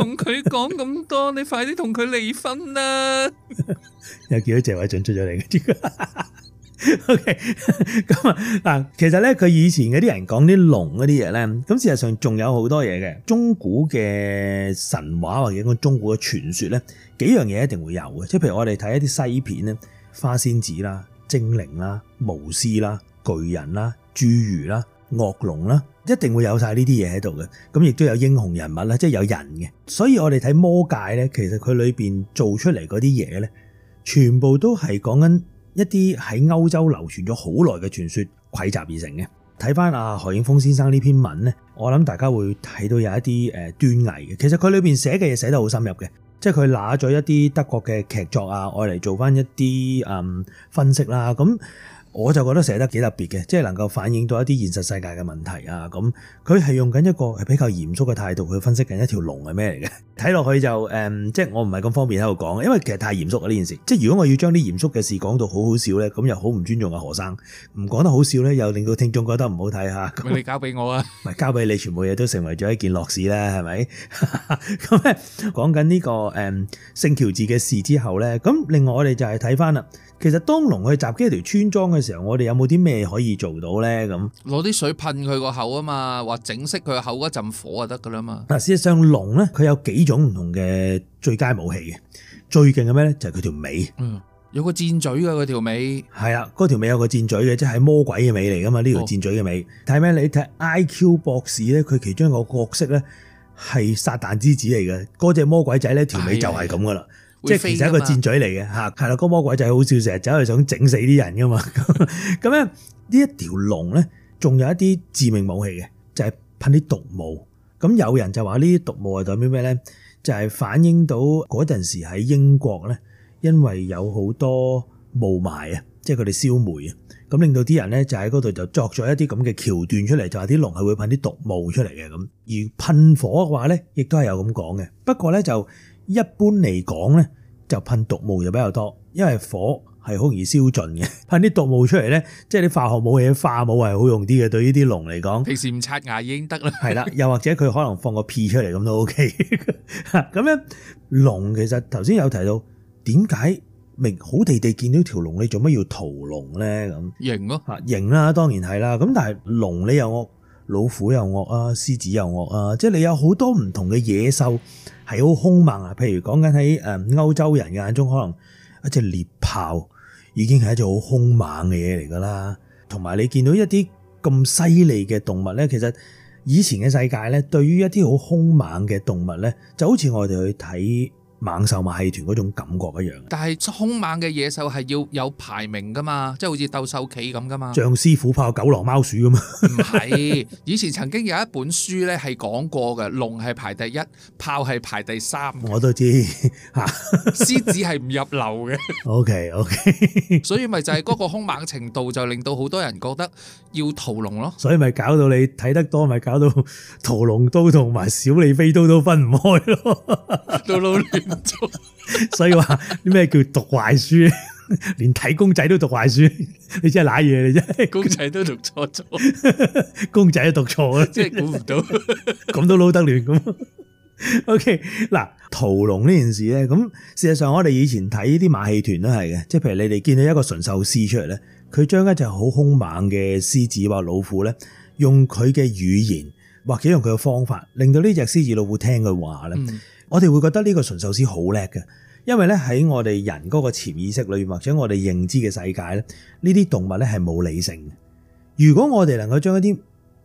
Speaker 2: 你 佢講咁多，你快啲同佢離婚啦！
Speaker 1: 又見到謝偉俊出咗嚟嘅，OK。咁啊嗱，其實咧，佢以前嗰啲人講啲龍嗰啲嘢咧，咁事實上仲有好多嘢嘅，中古嘅神話或者講中古嘅傳說咧，幾樣嘢一定會有嘅。即係譬如我哋睇一啲西片咧，花仙子啦、精靈啦、巫師啦、巨人啦、侏儒啦。惡龍啦，一定會有晒呢啲嘢喺度嘅，咁亦都有英雄人物啦，即係有人嘅。所以我哋睇魔界呢，其實佢裏邊做出嚟嗰啲嘢呢，全部都係講緊一啲喺歐洲流傳咗好耐嘅傳說，匯集而成嘅。睇翻阿何應豐先生呢篇文呢，我諗大家會睇到有一啲誒端倪嘅。其實佢裏邊寫嘅嘢寫得好深入嘅，即係佢拿咗一啲德國嘅劇作啊，愛嚟做翻一啲嗯分析啦，咁。我就覺得寫得幾特別嘅，即係能夠反映到一啲現實世界嘅問題啊！咁佢係用緊一個係比較嚴肅嘅態度去分析緊一條龍係咩嚟嘅。睇落去就誒、嗯，即係我唔係咁方便喺度講，因為其實太嚴肅啊呢件事。即係如果我要將啲嚴肅嘅事講到好好笑咧，咁又好唔尊重阿何生；唔講得好笑咧，又令到聽眾覺得唔好睇嚇。咁你交俾我啊？咪交俾你，全部嘢都成為咗一件樂事啦，係咪？咁 咧、嗯、講緊、這、呢個誒、嗯、聖喬治嘅事之後咧，咁另外我哋就係睇翻啦。其實當龍去襲擊一條村莊嘅時候，我哋有冇啲咩可以做到咧？咁，
Speaker 2: 攞啲水噴佢個口啊嘛，或整熄佢口嗰陣火就得噶啦嘛。
Speaker 1: 但事實上龍，龍咧佢有幾種唔同嘅最佳武器嘅，最勁嘅咩咧就係佢條尾。嗯，
Speaker 2: 有個箭嘴嘅佢條尾。
Speaker 1: 係啊，嗰條尾有個箭嘴嘅，即係魔鬼嘅尾嚟噶嘛？呢條箭嘴嘅尾，哦，睇咩？你睇 I Q 博士咧，佢其中一個角色咧係撒旦之子嚟嘅，嗰隻魔鬼仔咧條尾就係咁噶啦。
Speaker 2: 即係其實一個箭
Speaker 1: 嘴嚟嘅嚇，係啦，個魔鬼仔好笑，成日走去想整死啲人噶嘛。咁咧呢一條龍咧，仲有一啲致命武器嘅，就係噴啲毒霧。咁有人就話呢啲毒霧係代表咩咧？就係反映到嗰陣時喺英國咧，因為有好多霧霾啊，即係佢哋燒煤啊，咁令到啲人咧就喺嗰度就作咗一啲咁嘅橋段出嚟，就話啲龍係會噴啲毒霧出嚟嘅咁。而噴火嘅話咧，亦都係有咁講嘅。不過咧就一般嚟講咧，就噴毒霧就比較多，因為火係好容易燒盡嘅。噴啲毒霧出嚟咧，即係你化學武器、化武係好用啲嘅。對於啲龍嚟講，
Speaker 2: 平時唔刷牙已經得啦。係啦，
Speaker 1: 又或者佢可能放個屁出嚟咁都 OK。咁樣、嗯、龍其實頭先有提到，點解明好地地見到條龍，你做乜要屠龍咧？咁型咯，型啦、啊，當然係啦。咁但係龍你又惡，老虎又惡啊，獅子又惡啊，即係你有好多唔同嘅野獸。係好兇猛啊！譬如講緊喺誒歐洲人嘅眼中，可能一隻獵豹已經係一隻好兇猛嘅嘢嚟㗎啦。同埋你見到一啲咁犀利嘅動物咧，其實以前嘅世界咧，對於一啲好兇猛嘅動物咧，就好似我哋去睇。猛獸馬戲團嗰種感覺一樣，
Speaker 2: 但係凶猛嘅野獸係要有排名噶嘛，即係好似鬥獸棋咁噶嘛。像
Speaker 1: 獅虎豹狗狼貓鼠咁啊？唔
Speaker 2: 係，以前曾經有一本書咧係講過嘅，龍係排第一，豹係排第三。我
Speaker 1: 都知吓，
Speaker 2: 獅子係唔入流嘅。O K O K，所以咪就係嗰個凶猛程度就令到好多人覺得要屠龍咯。
Speaker 1: 所以咪搞到你睇得多咪搞到屠龍刀同埋小李飛刀都分唔開咯，
Speaker 2: 都老練。
Speaker 1: 所以話咩叫讀壞書？連睇公仔都讀壞書，你真係舐嘢你真係！
Speaker 2: 公仔都讀錯咗，
Speaker 1: 公仔都讀錯啦，即係估唔到，咁 都撈得亂咁。O K，嗱，屠龍呢件事咧，咁事實上我哋以前睇呢啲馬戲團都係嘅，即係譬如你哋見到一個馴獸師出嚟咧，佢將一隻好凶猛嘅獅子或老虎咧，用佢嘅語言或者用佢嘅方法，令到呢隻獅子老虎聽佢話咧。嗯我哋會覺得呢個馴獸師好叻嘅，因為咧喺我哋人嗰個潛意識裏面，或者我哋認知嘅世界咧，呢啲動物咧係冇理性嘅。如果我哋能夠將一啲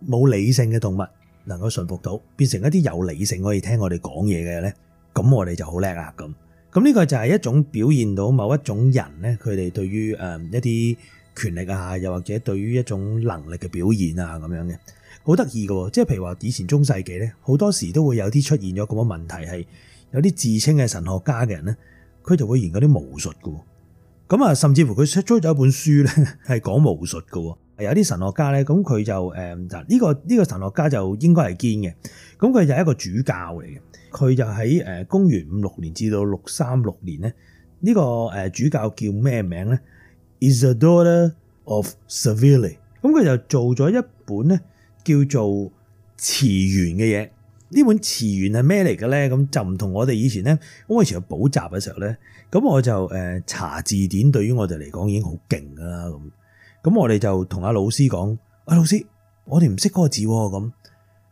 Speaker 1: 冇理性嘅動物能夠馴服到，變成一啲有理性可以聽我哋講嘢嘅咧，咁我哋就好叻啊！咁咁呢個就係一種表現到某一種人咧，佢哋對於誒一啲權力啊，又或者對於一種能力嘅表現啊，咁樣嘅。好得意嘅，即係譬如話以前中世紀咧，好多時都會有啲出現咗咁嘅問題，係有啲自稱嘅神學家嘅人咧，佢就會研究啲巫術喎。咁啊，甚至乎佢出咗一本書咧，係講巫術喎。有啲神學家咧，咁佢就誒嗱呢個呢個神學家就應該係堅嘅。咁佢就係一個主教嚟嘅，佢就喺誒公元五六年至到六三六年咧。呢個誒主教叫咩名咧？Isidore of Seville。咁佢就做咗一本咧。叫做詞源嘅嘢，呢本詞源係咩嚟嘅咧？咁就唔同我哋以前咧，我以前去補習嘅時候咧，咁我就誒查字典，對於我哋嚟講已經好勁噶啦。咁，咁我哋就同阿老師講，阿、哎、老師，我哋唔識嗰個字喎、啊。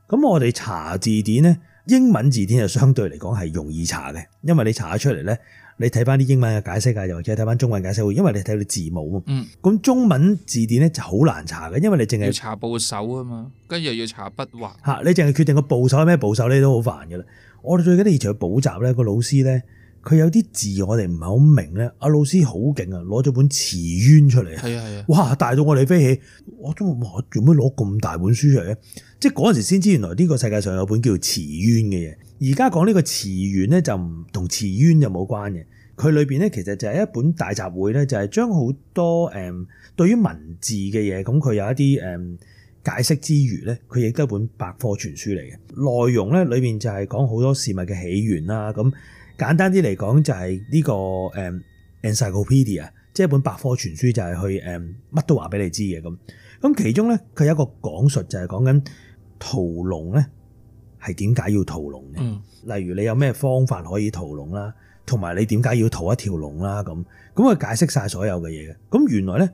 Speaker 1: 咁，咁我哋查字典咧，英文字典就相對嚟講係容易查嘅，因為你查得出嚟咧。你睇翻啲英文嘅解釋啊，又或者睇翻中文解釋，因為你睇到字母啊。嗯。咁中文字典咧就好難查嘅，因為你淨係要查
Speaker 2: 部首啊嘛，跟住又要查筆畫。
Speaker 1: 吓。你淨係決定個部首係咩部首，你都好煩噶啦。我哋最緊要，除去補習咧，個老師咧。佢有啲字我哋唔係好明咧，阿老師好勁啊，攞咗本《辭淵》出嚟。係啊係啊！哇，大到我哋飛起！我都，做咩攞咁大本書出嚟咧？即係嗰陣時先知，原來呢個世界上有本叫《辭淵》嘅嘢。而家講呢個《辭源》咧，就唔同《辭淵》就冇關嘅。佢裏邊咧，其實就係一本大集會咧，就係將好多誒對於文字嘅嘢，咁佢有一啲誒解釋之餘咧，佢亦都係一本百科全書嚟嘅。內容咧，裏邊就係講好多事物嘅起源啦，咁。簡單啲嚟講就係呢個誒，Encyclopedia 啊，即係一本百科全書，就係去誒乜都話俾你知嘅咁。咁其中咧，佢有一個講述就係講緊屠龍咧，係點解要屠龍嘅？例如你有咩方法可以屠龍啦，同埋你點解要屠一條龍啦？咁咁佢解釋晒所有嘅嘢。咁原來咧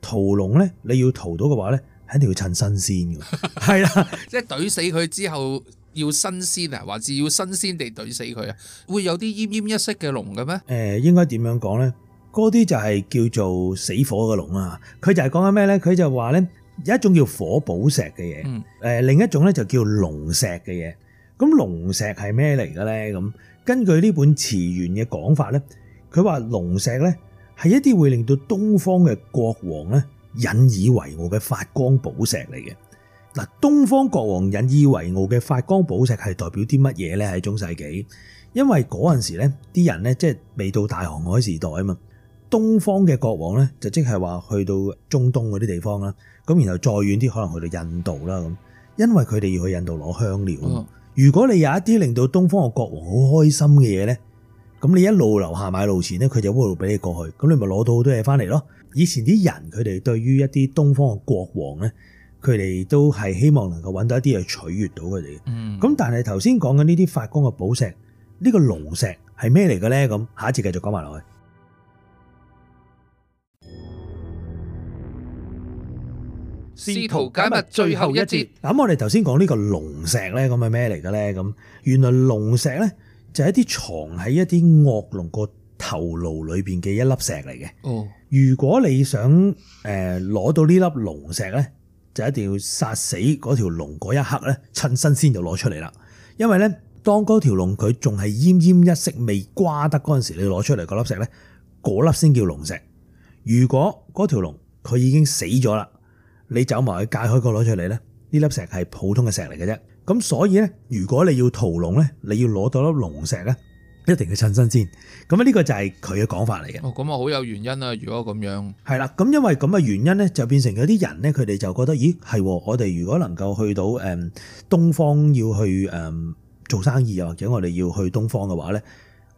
Speaker 1: 屠龍咧，你要屠到嘅話咧，係一定要趁新鮮嘅。係
Speaker 2: 啊是的，即係懟死佢之後。要新鮮啊，或者要新鮮地懟死佢啊？會有啲奄奄一息嘅龍嘅咩？
Speaker 1: 誒，應該點樣講咧？嗰啲就係叫做死火嘅龍啊！佢就係講緊咩咧？佢就話咧有一種叫火寶石嘅嘢，誒、嗯、另一種咧就叫龍石嘅嘢。咁龍石係咩嚟嘅咧？咁根據呢本詞源嘅講法咧，佢話龍石咧係一啲會令到東方嘅國王咧引以為傲嘅發光寶石嚟嘅。東東方國王引以為傲嘅發光寶石係代表啲乜嘢呢？喺中世紀，因為嗰陣時呢啲人呢，即係未到大航海時代啊嘛。東方嘅國王呢，就即係話去到中東嗰啲地方啦。咁然後再遠啲，可能去到印度啦咁。因為佢哋要去印度攞香料。如果你有一啲令到東方嘅國王好開心嘅嘢呢，咁你一路留下買路錢呢，佢就會俾你過去。咁你咪攞到好多嘢翻嚟咯。以前啲人佢哋對於一啲東方嘅國王呢。佢哋都係希望能夠搵到一啲去取悅到佢哋嘅。咁但係頭先講緊呢啲發光嘅寶石，呢個龍石係咩嚟嘅咧？咁下一節繼續講埋落去。
Speaker 2: 試圖解密最後一
Speaker 1: 節。咁我哋頭先講呢個龍石咧，咁係咩嚟嘅咧？咁原來龍石咧就係一啲藏喺一啲惡龍個頭顱裏邊嘅一粒石嚟嘅。哦，如果你想誒攞到呢粒龍石咧？就一定要殺死嗰條龍嗰一刻咧，趁新鮮就攞出嚟啦。因為咧，當嗰條龍佢仲係奄奄一息未瓜得嗰陣時，你攞出嚟嗰粒石咧，嗰粒先叫龍石。如果嗰條龍佢已經死咗啦，你走埋去解開個攞出嚟咧，呢粒石係普通嘅石嚟嘅啫。咁所以咧，如果你要屠龍咧，你要攞到粒龍石咧。一定要趁新鮮。咁、這、呢個就係佢嘅講法嚟嘅。
Speaker 2: 哦，咁啊好有原因啊！如果咁樣，
Speaker 1: 係啦，咁因為咁嘅原因呢，就變成有啲人呢，佢哋就覺得，咦，係我哋如果能夠去到誒、嗯、東方要去誒、嗯、做生意，又或者我哋要去東方嘅話呢，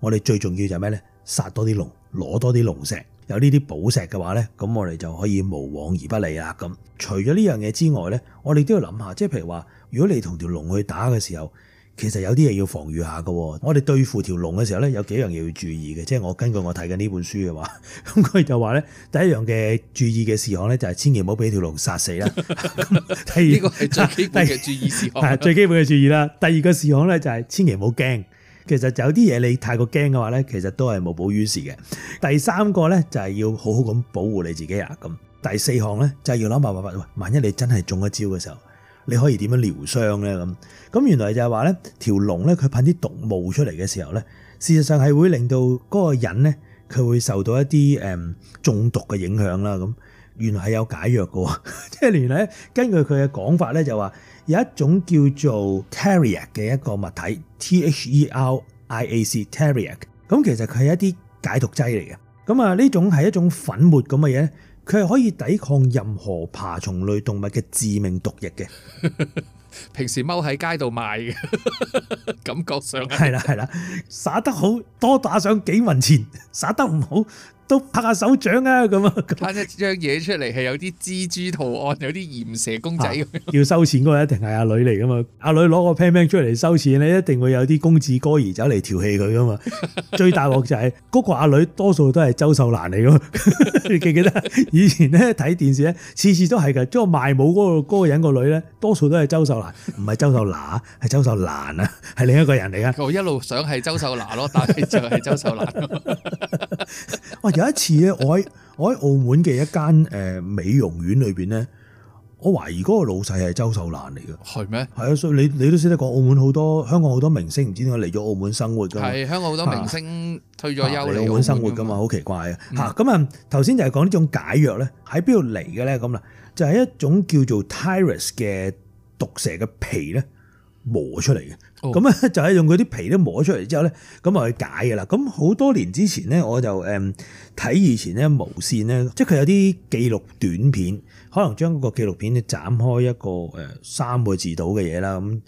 Speaker 1: 我哋最重要就係咩呢？殺多啲龍，攞多啲龍石，有呢啲寶石嘅話呢，咁我哋就可以無往而不利啦。咁除咗呢樣嘢之外呢，我哋都要諗下，即係譬如話，如果你同條龍去打嘅時候。其實有啲嘢，要防禦下噶，我哋對付條龍嘅時候咧，有幾樣嘢要注意嘅，即係我根據我睇緊呢本書嘅話，咁佢就話咧，第一樣嘅注意嘅事項咧就係千祈唔好俾條龍殺死啦。 第二個係最基本嘅注意事項，啊，最基本嘅注意啦。第二個事項咧就係千祈唔好驚，其實有啲嘢你太過驚嘅話咧，其實都係冇補於事嘅。第三個咧就係要好好咁保護你自己啊。咁第四項咧就係要諗埋辦法，萬一你真係中咗招嘅時候。你可以點樣療傷咧咁？咁原來就係話咧條龍咧佢噴啲毒霧出嚟嘅時候咧，事實上係會令到嗰個人咧佢會受到一啲誒、嗯、中毒嘅影響啦。咁原來係有解藥喎。即 係原來根據佢嘅講法咧就話有一種叫做 Theriac 嘅一個物體 t h e r i a c Theriac 咁其實佢係一啲解毒劑嚟嘅。咁啊呢種係一種粉末咁嘅嘢。佢係可以抵抗任何爬蟲類動物嘅致命毒液嘅 。
Speaker 2: 平時踎喺街度賣嘅，感覺上係啦係啦，
Speaker 1: 耍得好，多打上幾文錢，耍得唔好。都拍下手掌啊！咁啊，
Speaker 2: 拍一張嘢出嚟，係有啲蜘蛛圖案，有啲鹽蛇公仔咁、啊。要
Speaker 1: 收錢嗰個一定係阿女嚟噶嘛？阿、啊、女攞個 pan p 出嚟收錢咧，一定會有啲公子哥兒走嚟調戲佢噶嘛。 最大鑊就係、是、嗰、那個阿女，多 個女，多數都係周秀蘭嚟噶。你記唔記得以前咧睇電視咧，次次都係㗎，即係賣武嗰個個人個女咧，多數都係周秀蘭，唔係周秀娜，係周秀蘭啊，係另一個人
Speaker 2: 嚟㗎。我一路想係周秀娜咯，但係就係周秀蘭。
Speaker 1: 有一次咧，我喺我喺澳門嘅一間誒美容院裏邊咧，我懷疑嗰個老細係周秀蘭嚟嘅。係咩？係啊，所以你你都識得講澳門好多香港好多明星唔知點解嚟咗澳門生活噶係香港好多明星
Speaker 2: 退咗休嚟、啊、澳門生活
Speaker 1: 噶嘛，好奇怪啊、嗯、啊！吓咁啊，頭先就係講呢種解藥咧，喺邊度嚟嘅咧？咁啦，就係、是、一種叫做 Tyrus 嘅毒蛇嘅皮咧磨出嚟嘅。咁、哦、咧 就係用佢啲皮咧磨出嚟之後咧，咁啊去解㗎啦。咁好多年之前咧，我就誒睇以前咧無線咧，即係佢有啲紀錄短片，可能將個紀錄片咧斬開一個、呃、三個字度嘅嘢啦。咁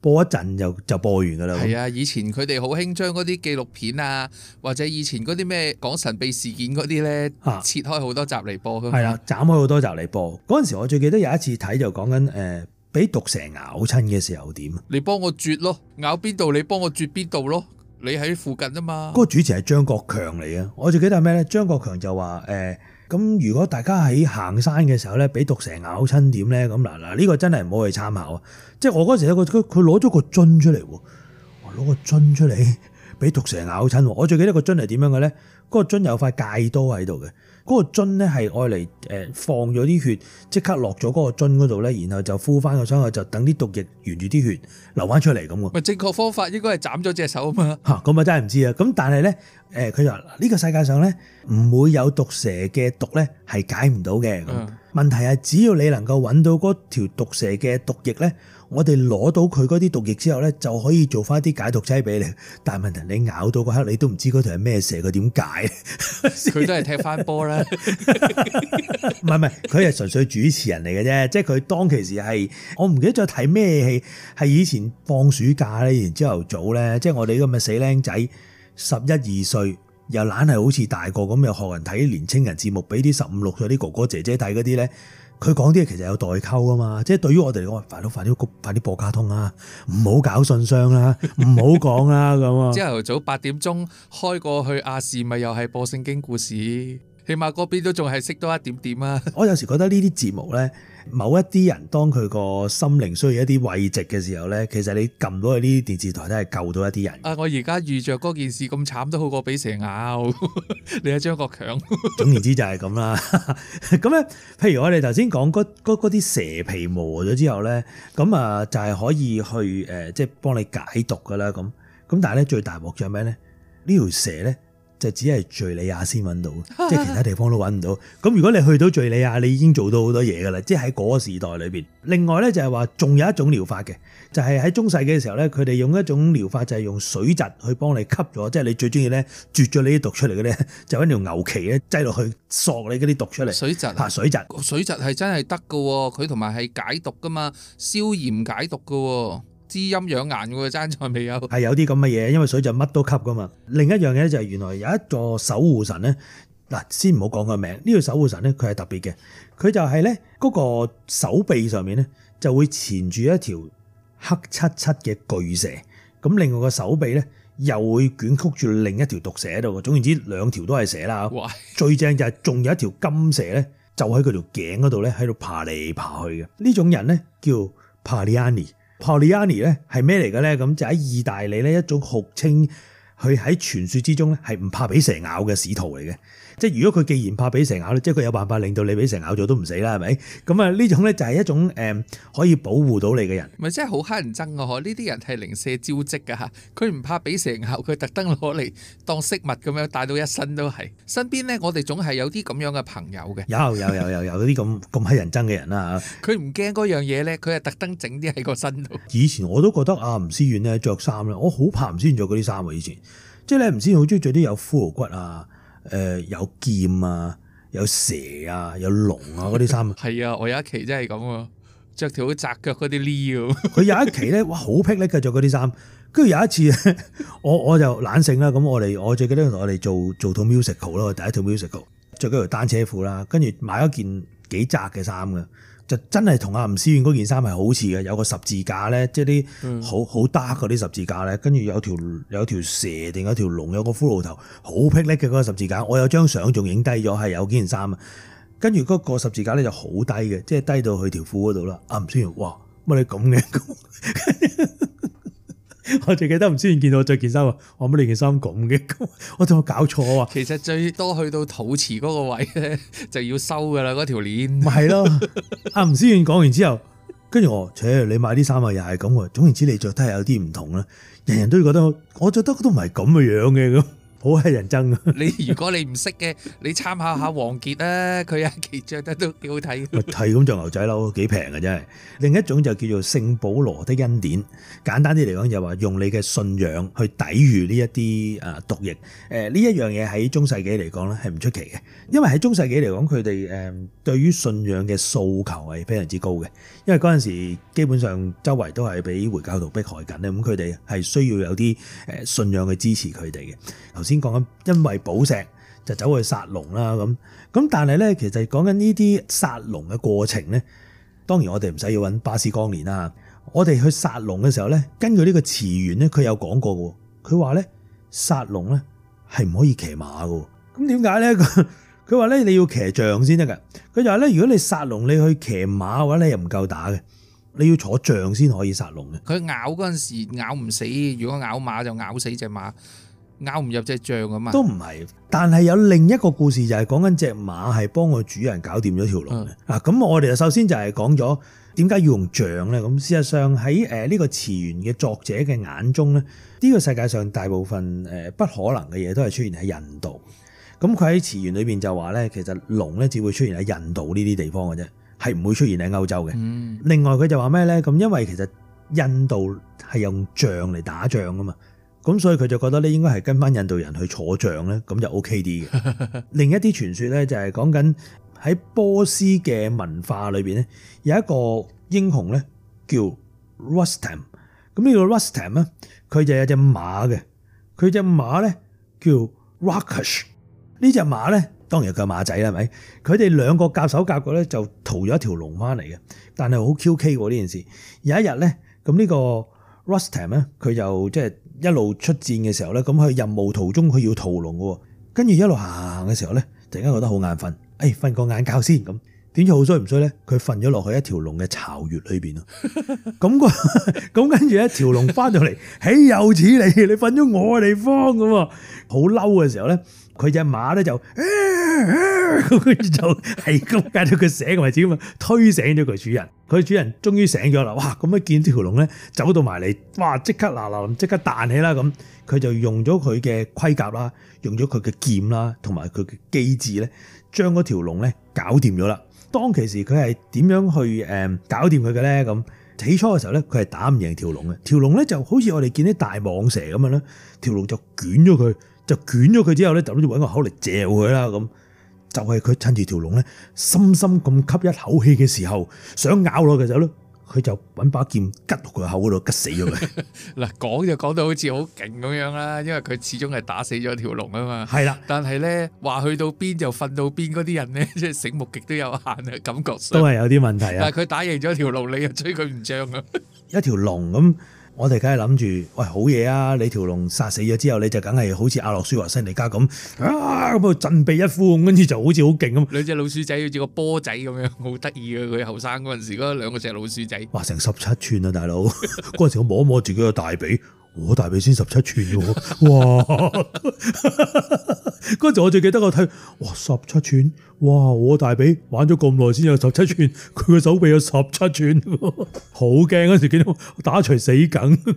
Speaker 1: 播一陣就就播完㗎啦。係啊，
Speaker 2: 以前佢哋好興將嗰啲紀錄片啊，或者以前嗰啲咩講神秘事件嗰啲咧，切開好多集嚟播㗎。係、啊、啦、啊，
Speaker 1: 斬開好多集嚟播。嗰陣時我最記得有一次睇就講緊誒。呃俾毒蛇咬親嘅時候點？
Speaker 2: 你幫我絕咯，咬邊度你幫我絕邊度咯。你喺附近啊嘛。嗰、那
Speaker 1: 個主持係張國強嚟嘅。我最記得係咩咧？張國強就話誒，咁、欸、如果大家喺行山嘅時候咧，俾毒蛇咬親點咧？咁嗱嗱呢個真係唔好去參考啊！即、就、係、是、我嗰時咧，佢佢攞咗個樽出嚟，喎，攞個樽出嚟俾毒蛇咬親。我最記得個樽係點樣嘅咧？嗰、那個樽有塊戒刀喺度嘅。嗰個樽咧，係愛嚟誒，放咗啲血，即刻落咗嗰個樽嗰度咧，然後就敷翻個傷口，就等啲毒液沿住啲血流翻出嚟咁
Speaker 2: 喎。正確方法應該係斬咗隻手啊嘛！
Speaker 1: 嚇，咁啊真係唔知啊！咁但係咧，誒，佢就話呢個世界上咧唔會有毒蛇嘅毒咧係解唔到嘅。咁問題係只要你能夠揾到嗰條毒蛇嘅毒液咧。我哋攞到佢嗰啲毒液之後咧，就可以做翻啲解毒劑俾你。但係問題，你咬到嗰刻，你都唔知嗰條係咩蛇，佢點解？
Speaker 2: 佢都係踢翻波啦 。
Speaker 1: 唔係唔係，佢係純粹主持人嚟嘅啫。即係佢當其時係我唔記得咗睇咩戲，係以前放暑假咧，然之後早咧，即係我哋咁嘅死僆仔，十一二歲又懶係好似大個咁，又學人睇啲年青人節目，俾啲十五六歲啲哥哥姐姐睇嗰啲咧。佢講啲嘢其實有代溝噶嘛，即係對於我哋嚟講，快啲快啲快啲播卡通啊，唔好搞信箱啦，唔好講啦咁啊！朝
Speaker 2: 頭早八點鐘開過去亞視，咪又係播聖經故事，起碼嗰邊都仲係識多一點點啊！
Speaker 1: 我有時覺得呢啲節目咧。某一啲人，當佢個心靈需要一啲慰藉嘅時候咧，其實你撳到佢呢啲電視台，都係救到一啲人。
Speaker 2: 啊！我而家遇着嗰件事咁慘，都好過俾蛇咬。你係張國強。總言之就係咁啦。咁
Speaker 1: 咧，譬如我哋頭先講嗰嗰啲蛇皮磨咗之後咧，咁啊就係可以去，誒，即係幫你解毒噶啦。咁咁，但係咧最大鑊仲有咩咧？呢條蛇咧？就只係敍利亞先揾到，啊、即係其他地方都揾唔到。咁、啊、如果你去到敍利亞，你已經做到好多嘢噶啦，即係喺嗰個時代裏邊。另外咧就係話，仲有一種療法嘅，就係、是、喺中世紀嘅時候咧，佢哋用一種療法就係用水蛭去幫你吸咗，即係你最中意咧，啜咗你啲毒出嚟嘅咧，就一條牛蜞咧擠落去索你嗰啲毒出嚟。水蛭水蛭，
Speaker 2: 水蛭係真係得㗎喎，佢同埋係解毒噶嘛，消炎解毒嘅喎。滋陰養顏嘅喎，爭菜未有係
Speaker 1: 有啲咁嘅嘢，因為水就乜都吸噶嘛。另一樣嘢就係原來有一個守護神咧，嗱，先唔好講個名。呢個守護神咧，佢係特別嘅，佢就係咧嗰個手臂上面咧就會纏住一條黑漆漆嘅巨蛇。咁另外個手臂咧又會捲曲住另一條毒蛇喺度。總言之，兩條都係蛇啦。哇！最正就係仲有一條金蛇咧，就喺佢條頸嗰度咧喺度爬嚟爬去嘅。呢種人咧叫帕里安尼。Poliani 咧係咩嚟嘅咧？咁就喺意大利咧一種號稱，佢喺傳説之中咧係唔怕畀蛇咬嘅使徒嚟嘅。即係如果佢既然怕俾蛇咬即係佢有辦法令到你俾蛇咬咗都唔死啦，係咪？咁啊呢種咧就係一種誒可以保護到你嘅人。
Speaker 2: 咪真係好乞人憎啊。呢啲人係零舍招積嘅嚇，佢唔怕俾蛇咬，佢特登攞嚟當飾物咁樣帶到一身都係。身邊咧，我哋總係有啲咁樣嘅朋友嘅。
Speaker 1: 有有有有有啲咁咁乞人憎嘅人啦。
Speaker 2: 佢唔驚嗰樣嘢咧，佢係特登整啲喺個身度。
Speaker 1: 以前我都覺得啊，吳思遠咧着衫咧，我好怕吳思遠着嗰啲衫啊。以前即係咧，吳思遠好中意着啲有骷髏骨啊。誒、呃，有劍啊，有蛇啊，有
Speaker 2: 龍啊，嗰啲衫。啊，係啊，我有一期真係咁啊，着條好窄腳嗰啲 e 咁。佢
Speaker 1: 有一期咧，哇，好霹靂嘅着嗰啲衫。跟住有一次 我我就懶性啦，咁我哋，我最記得我哋做做套 musical 咯，第一套 musical，着嗰條單車褲啦，跟住買咗件幾窄嘅衫嘅。就真係同阿吳思遠嗰件衫係好似嘅，有個十字架咧，即係啲好好 dark 嗰啲十字架咧，嗯，跟住有條有條蛇定有條龍，有個骷髏頭，好霹靂嘅嗰個十字架，我有張相仲影低咗，係有件衫，跟住嗰個十字架咧就好低嘅，即係低到去條褲嗰度啦。阿、啊、吳思遠話：乜你咁嘅？ 我仲記得吳思遠見到我着件衫話：我乜你件衫咁嘅？咁我仲有冇搞錯啊？
Speaker 2: 其實最多去到肚臍嗰個位咧，就要收噶啦，嗰條鏈。
Speaker 1: 咪係咯，阿吳思遠講完之後，跟住我，扯，你買啲衫啊，又係咁，總言之你着得係有啲唔同啦。人人都會覺得我我着得都唔係咁嘅樣嘅咁。.好乞人憎嘅。
Speaker 2: 你如果你唔識嘅， 你參考下王傑啊，佢一期著得都幾好睇。係
Speaker 1: 咁著牛仔褸，幾平嘅真係。另一種就叫做聖保羅的恩典。簡單啲嚟講，就話用你嘅信仰去抵禦呢一啲啊毒液。誒、呃、呢一樣嘢喺中世紀嚟講咧係唔出奇嘅，因為喺中世紀嚟講，佢哋誒對於信仰嘅訴求係非常之高嘅。因為嗰陣時基本上周圍都係俾回教徒迫害緊咧，咁佢哋係需要有啲誒信仰去支持佢哋嘅。頭先講緊因為寶石就走去殺龍啦，咁咁但係咧，其實講緊呢啲殺龍嘅過程咧，當然我哋唔使要搵巴斯光年啦，我哋去殺龍嘅時候咧，根據呢個詞源咧，佢有講過喎，佢話咧殺龍咧係唔可以騎馬喎。咁點解咧？佢話咧，你要騎象先得噶。佢就話咧，如果你殺龍你去騎馬嘅話，你又唔夠打嘅，你要坐象先可以殺龍
Speaker 2: 嘅。佢咬嗰陣時咬唔死，如果咬馬就咬死隻馬，咬唔入隻象㗎嘛。都唔係，
Speaker 1: 但係有另一個故事就係講緊隻馬係幫個主人搞掂咗條龍嘅。嗱、嗯，咁我哋就首先就係講咗點解要用象咧？咁事實上喺誒呢個詞源嘅作者嘅眼中咧，呢、呢個世界上大部分誒不可能嘅嘢都係出現喺印度。咁佢喺詞源裏面就話咧，其實龍咧只會出現喺印度呢啲地方嘅啫，係唔會出現喺歐洲嘅。嗯、另外佢就話咩咧？咁因為其實印度係用象嚟打仗噶嘛，咁所以佢就覺得咧應該係跟翻印度人去坐象咧，咁就 O K 啲嘅。 另一啲傳說咧就係講緊喺波斯嘅文化裏面咧，有一個英雄咧叫 Rustam。咁呢個 Rustam 咧，佢就有隻馬嘅，佢隻馬咧叫 Rakush 呢隻馬咧，當然佢係馬仔啦，係咪？佢哋兩個夾手夾腳咧，就屠咗一條龍翻嚟嘅。但係好 Q K 喎呢件事。有一日咧，咁呢個 Rustam 咧，佢就即係一路出戰嘅時候咧，咁佢任務途中佢要屠龍嘅，跟住一路行嘅時候咧，突然間覺得好眼瞓，誒瞓個眼覺先咁。點知好衰唔衰咧？佢瞓咗落去一條龍嘅巢穴裏邊咯。咁個咁跟住一條龍翻到嚟，豈有此理？你瞓咗我嘅地方咁，好嬲嘅時候咧～佢隻馬咧就，咁跟住就係咁解咗佢醒嘅位置啊嘛，推醒咗佢主人，佢主人終於醒咗啦！哇，咁一見條龍咧，走到埋嚟，哇！即刻嗱嗱淋，即刻彈起啦咁，佢就用咗佢嘅盔甲啦，用咗佢嘅劍啦，同埋佢嘅機智咧，將嗰條龍咧搞掂咗啦。當其時佢係點樣去誒搞掂佢嘅咧？咁起初嘅時候咧，佢係打唔贏條龍嘅，條龍咧就好似我哋見啲大蟒蛇咁樣啦，條龍就捲咗佢。就捲咗佢之後咧，就諗住搵個口嚟嚼佢啦咁。就係佢趁住條龍咧深深咁吸一口氣嘅時候，想咬落去就咧，佢就搵把劍吉落佢口嗰度，吉死咗佢。
Speaker 2: 嗱，講就講到好似好勁咁樣啦，因為佢始終係打死咗條龍啊嘛。係啦，但係咧話去到邊就瞓到邊嗰啲人咧，即係醒目極都有限啊，感覺上都係
Speaker 1: 有啲問題啊。但係
Speaker 2: 佢打贏咗條龍，你又追佢唔着啊？
Speaker 1: 一條龍咁。我哋梗係諗住，喂好嘢啊！你條龍殺死咗之後，你就梗係好似阿洛舒華西尼加咁啊！咁就振臂一呼，跟住就好似好勁咁，
Speaker 2: 兩隻老鼠仔好似個波仔咁樣，好得意嘅。佢後生嗰陣時嗰兩個隻老鼠仔，哇
Speaker 1: 成十七寸啊！大佬嗰陣時我摸一摸自己個大髀。 我大髀先十七寸喎，哇！嗰 陣時我就記得我睇，哇十七寸，哇我大髀玩咗咁耐先有十七寸，佢個手臂有十七寸，好驚，嗰陣時見到我打除死梗。嗰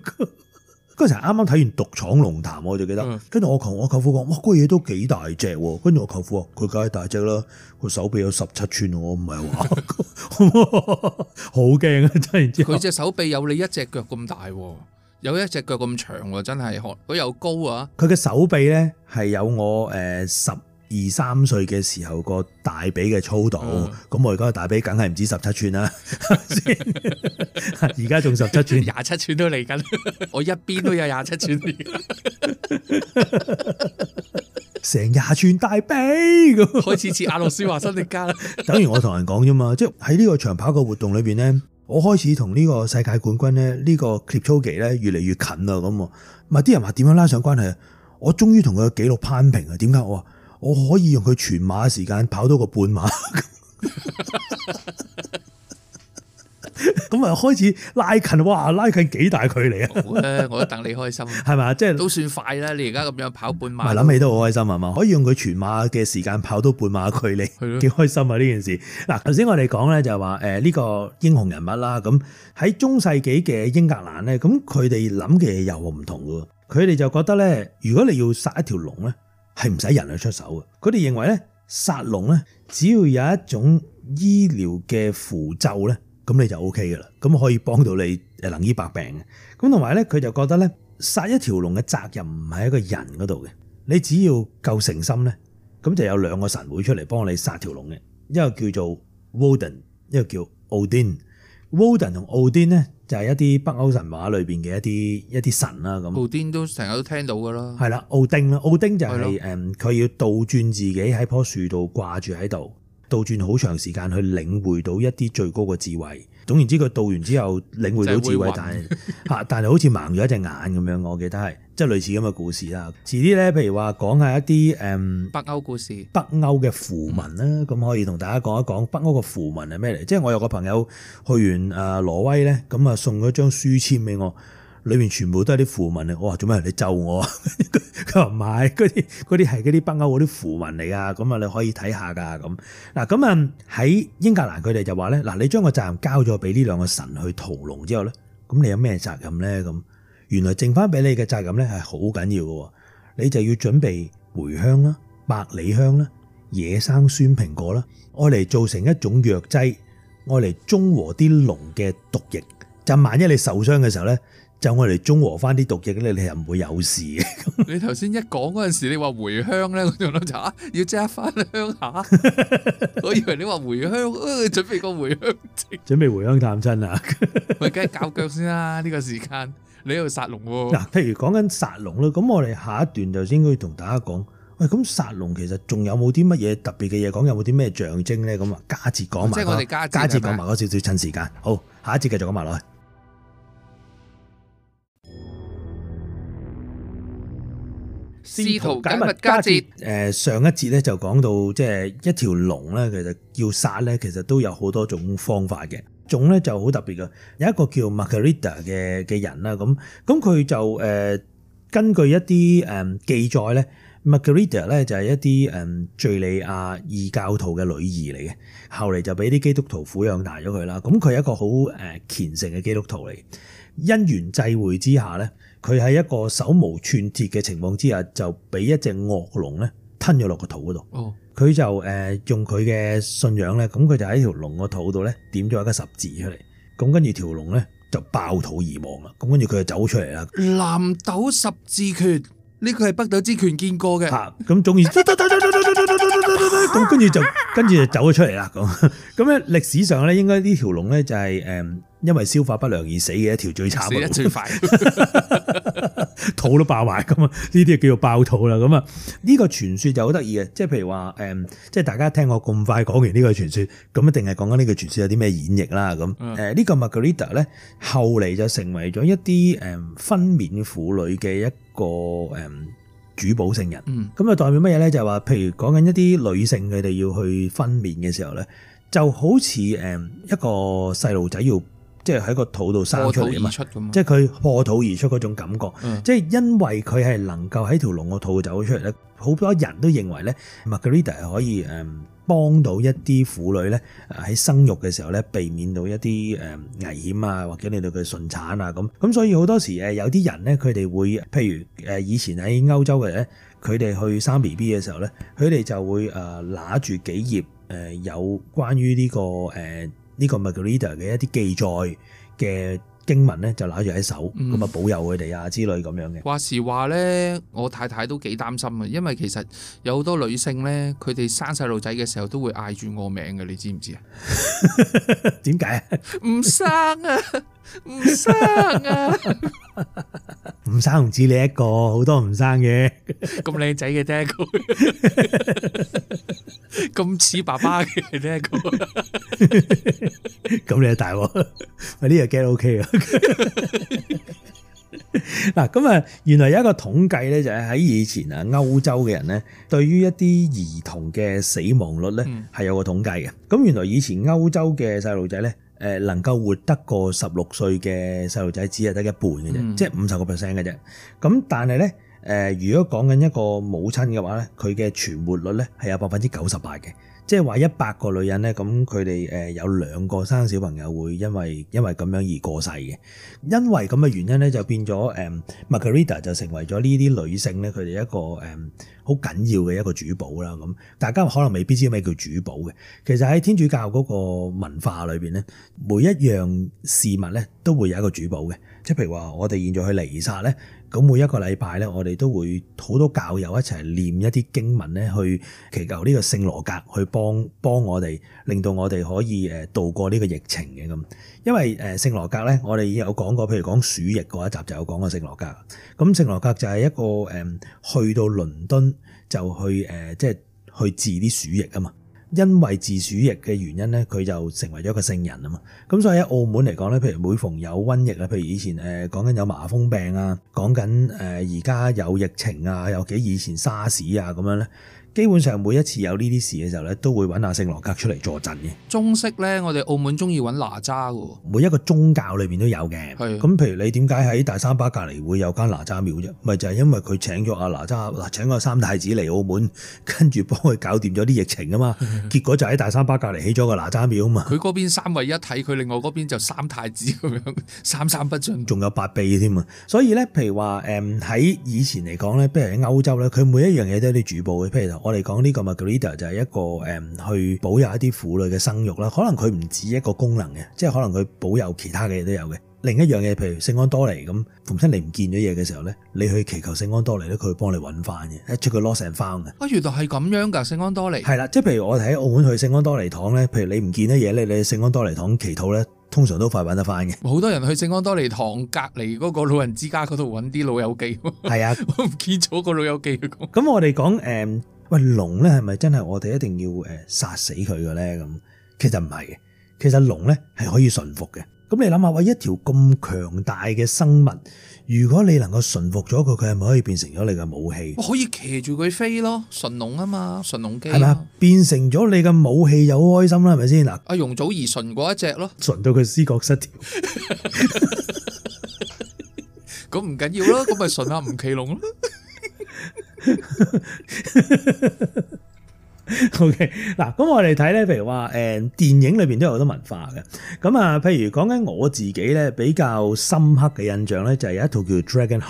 Speaker 1: 陣時啱啱睇完《獨闖龍潭》，我就記得，跟住我同我舅父講，哇個嘢都幾大隻，跟住我舅父話佢梗係大隻啦，佢手臂有十七寸，我唔係話， 好驚啊！突然之佢
Speaker 2: 隻手臂有你一隻腳咁大。有一隻腳咁長喎，真係學佢又高啊！
Speaker 1: 佢嘅手臂咧係有我誒十二三歲嘅時候個大髀嘅粗度，咁、嗯、我而家個大髀梗係唔止十七寸啦。而家仲十七寸，廿 七
Speaker 2: 寸，寸都嚟緊，我一邊都有廿七寸
Speaker 1: 成廿 寸大髀咁， 開始似阿諾舒華辛力加啦。 等於我同人講啫嘛，即係喺呢個長跑個活動裏邊咧。我開始同呢個世界冠軍咧，呢個 Kipchoge 咧越嚟越近啦咁，咪啲人話點樣拉上關係？我終於同佢嘅紀錄攀平啊！點解我可以用佢全馬嘅時間跑多個半馬？ 咁啊，開始拉近，哇！拉近幾大距離啊！
Speaker 2: 好咧，我都等你開心，係咪即係都算快啦！你而家咁樣跑半馬，諗起都
Speaker 1: 好開心係嘛？可以用佢全馬嘅時間跑到半馬嘅距離，幾開心啊！呢件事嗱，頭先我哋講咧就話誒，呢個英雄人物啦，咁喺中世紀嘅英格蘭咧，咁佢哋諗嘅又唔同嘅，佢哋就覺得咧，如果你要殺一條龍咧，係唔使人去出手嘅，佢哋認為咧，殺龍咧，只要有一種醫療嘅符咒咧。咁你就 OK 嘅啦，咁可以幫到你誒，能醫百病嘅。咁同埋咧，佢就覺得咧，殺一條龍嘅責任唔係一個人嗰度嘅，你只要夠誠心咧，咁就有兩個神會出嚟幫你殺條龍嘅。一個叫做 Woden，一個叫 Odin。Woden 同 Odin 咧就係、是、一啲北歐神話
Speaker 2: 裏邊嘅一啲
Speaker 1: 一啲神啦。咁
Speaker 2: Odin 都成日都聽到㗎咯。
Speaker 1: 係啦，Odin 啦，Odin 就係、是、誒，佢要倒轉自己喺棵樹度掛住喺度。倒轉好長時間去領會到一啲最高嘅智慧。總言之佢倒完之後領會到智慧，就是、但係 但係好似盲咗一隻眼咁樣。我記得係即係類似咁嘅故事啦。遲啲咧，譬如話講下一啲誒北歐故事，北歐嘅符文啦，咁可以同大家講一講北歐嘅符文係咩嚟？即係我有個朋友去完誒挪威咧，咁啊送咗張書簽俾我。裏面全部都係啲符文啊！我、哦、話做咩？你咒我啊？佢話唔係，嗰啲嗰啲係嗰啲北歐嗰啲符文嚟啊！咁啊，你可以睇下噶咁。嗱咁啊，喺英格蘭佢哋就話咧，嗱你將個責任交咗俾呢兩個神去屠龍之後咧，咁你有咩責任咧？咁原來剩翻俾你嘅責任咧係好緊要嘅，你就要準備茴香啦、百里香啦、野生酸蘋果啦，愛嚟做成一種藥劑，愛嚟中和啲龍嘅毒液。就萬一你受傷嘅時候咧。就我哋中和翻啲毒液咧，你係唔會有事嘅。
Speaker 2: 你頭先一講嗰陣時，你話回鄉咧，我仲諗住啊，要即刻翻鄉下。啊、 我以為你話回鄉、啊，準備個回
Speaker 1: 鄉準備回鄉探親啊？
Speaker 2: 咪梗係搞腳先啦！呢、這個時間你喺度殺龍。嗱、
Speaker 1: 啊，譬如講緊殺龍啦，咁我哋下一段就先應該同大家講，喂、哎，咁殺龍其實仲有冇啲乜嘢特別嘅嘢講？有冇啲咩象徵咧？咁啊，加節講埋。即係我哋加節講埋嗰少少，趁時間。好，下一節繼續講埋落去。
Speaker 2: 試圖解密加節。
Speaker 1: 上一節咧就講到即係一條龍咧，其實叫殺咧，其實都有好多種方法嘅。種咧就好特別嘅，有一個叫 Margarita 嘅嘅人啦。咁咁佢就誒根據一啲誒記載咧，Margarita 咧就係一啲誒敍利亞異教徒嘅女兒嚟嘅。後嚟就俾啲基督徒撫養大咗佢啦。咁佢係一個好誒虔誠嘅基督徒嚟。因緣際會之下咧。佢喺一個手無寸鐵嘅情況之下，就俾一隻惡龍咧吞咗落個肚嗰度。哦，佢就誒用佢嘅信仰咧，咁佢就喺條龍個肚度咧點咗一個十字出嚟。咁跟住條龍咧就爆肚而亡啦。咁跟住佢就走出嚟啦。
Speaker 2: 南斗十字拳，呢個係北斗之拳見過嘅。嚇！
Speaker 1: 咁終於咁跟住就跟住就走咗出嚟啦。咁咁咧歷史上咧應該呢條龍咧就係誒因為消化不良而死嘅一條最慘，嘅得最快，肚都爆埋咁啊！呢啲叫做爆肚啦。咁啊，呢、這個傳說就好得意嘅，即係譬如話，誒，即係大家聽我咁快講完呢個傳說，咁一定係講緊呢個傳說有啲咩演繹啦。咁誒，呢個瑪 i 麗 a 咧，後嚟就成為咗一啲誒分娩婦女嘅一個誒主保性人。咁啊，代表乜嘢咧？就話譬如講緊一啲女性佢哋要去分娩嘅時候咧，就好似誒一個細路仔要。即係喺個肚度生出嚟嘅嘛，即係佢破土而出嗰種感覺。嗯、即係因為佢係能夠喺條龍個肚走咗出嚟咧，好多人都認為咧，Margarita 係可以誒幫到一啲婦女咧喺生育嘅時候咧避免到一啲誒危險啊，或者令到佢順產啊咁。咁所以好多時誒有啲人咧，佢哋會譬如誒以前喺歐洲嘅咧，佢哋去生 B B 嘅時候咧，佢哋就會誒拿住幾頁誒有關於呢、這個誒。呢個麥格雷德嘅一啲記載嘅經文咧，就攞住喺手咁啊，保佑佢哋啊之類咁樣嘅。
Speaker 2: 話時話咧，我太太都幾擔心啊，因為其實有好多女性咧，佢哋生細路仔嘅時候都會嗌住我名嘅，你知唔知啊？點解啊？唔生啊！唔生
Speaker 1: 啊！唔生唔止你一個，好多唔生嘅。
Speaker 2: 咁靚仔嘅爹高咁似爸爸嘅爹高，咁你大
Speaker 1: 鑊，呢個 get OK 啊！嗱，咁啊，原來有一個統計咧，就係喺以前啊，歐洲嘅人咧，對於一啲兒童嘅死亡率咧，係有個統計嘅。咁原來以前歐洲嘅細路仔咧。誒能夠活得過十六歲嘅細路仔，只係得一半嘅啫，嗯、即係五十個 percent 嘅啫。咁但係咧，誒如果講緊一個母親嘅話咧，佢嘅存活率咧係有百分之九十八嘅，即係話一百個女人咧，咁佢哋誒有兩個生小朋友會因為因為咁樣而過世嘅。因為咁嘅原因咧，就變咗誒 Margarita 就成為咗呢啲女性咧，佢哋一個好緊要嘅一個主保啦，咁大家可能未必知咩叫主保嘅。其實喺天主教嗰個文化裏邊咧，每一樣事物咧都會有一個主保嘅。即係譬如話，我哋現在去彌撒咧。咁每一個禮拜咧，我哋都會好多教友一齊念一啲經文咧，去祈求呢個聖羅格去幫幫我哋，令到我哋可以誒渡過呢個疫情嘅咁。因為誒聖羅格咧，我哋已經有講過，譬如講鼠疫嗰一集就有講過聖羅格。咁聖羅格就係一個誒，去到倫敦就去誒，即係去治啲鼠疫啊嘛。因為治鼠疫嘅原因咧，佢就成為咗一個聖人啊嘛。咁所以喺澳門嚟講咧，譬如每逢有瘟疫啊，譬如以前誒講緊有麻風病啊，講緊誒而家有疫情啊，尤其以前沙士啊咁樣咧，基本上每一次有呢啲事嘅時候咧，都會揾阿聖羅格出嚟坐鎮嘅。
Speaker 2: 中式咧，我哋澳門中意揾哪吒喎。
Speaker 1: 每一個宗教裏面都有嘅。係。咁譬如你點解喺大三巴隔離會有間哪吒廟啫？咪就係、是、因為佢請咗阿、啊、哪吒嗱，請個三太子嚟澳門，跟住幫佢搞掂咗啲疫情啊嘛。結果就喺大三巴隔離起咗個哪吒廟啊嘛。
Speaker 2: 佢嗰邊三位一體，佢另外嗰邊就三太子咁樣， 三三不盡，仲有八臂
Speaker 1: 添啊。所以咧，譬如話誒喺以前嚟講咧，譬如喺歐洲咧，佢每一樣嘢都係啲主保嘅，譬如我哋講呢個瑪格麗達就係一個誒、嗯、去保佑一啲婦女嘅生育啦，可能佢唔止一個功能嘅，即係可能佢保佑其他嘅嘢都有嘅。另一樣嘢，譬如聖安多尼咁，逢親你唔見咗嘢嘅時候咧，你去祈求聖安多尼咧，佢會幫你搵翻嘅，誒，出佢攞成翻
Speaker 2: 嘅。啊，原來係咁樣噶，聖安多尼
Speaker 1: 係啦，即係譬如我哋喺澳門去聖安多尼堂咧，譬如你唔見咗嘢咧，你去聖安多尼堂祈禱咧，通常都快搵得翻嘅。
Speaker 2: 好多人去聖安多尼堂隔籬嗰個老人之家嗰度搵啲老友記。係啊， 我唔見咗個老友記。咁 我哋講
Speaker 1: 誒。嗯喂，龍咧係咪真係我哋一定要誒殺死佢嘅咧？咁其實唔係，其實龍咧係可以馴服嘅。咁你諗下，喂一條咁強大嘅生物，如果你能夠馴服咗佢，佢係咪可以變成咗你嘅武器？哦、可
Speaker 2: 以騎住佢飛咯，馴龍啊嘛，馴龍機係嘛，
Speaker 1: 變成咗你嘅武器就好開心啦，係咪先嗱？
Speaker 2: 阿、啊、容祖兒馴過一隻咯，
Speaker 1: 馴到佢思覺失調，
Speaker 2: 咁唔緊要囉，咁咪馴下吳奇隆咯。
Speaker 1: O K，嗱，咁我哋睇咧，譬如話誒，電影裏邊都有好多文化嘅，咁啊，譬如講緊我自己咧，比較深刻嘅印象咧，就係有一套叫《Dragon Heart》。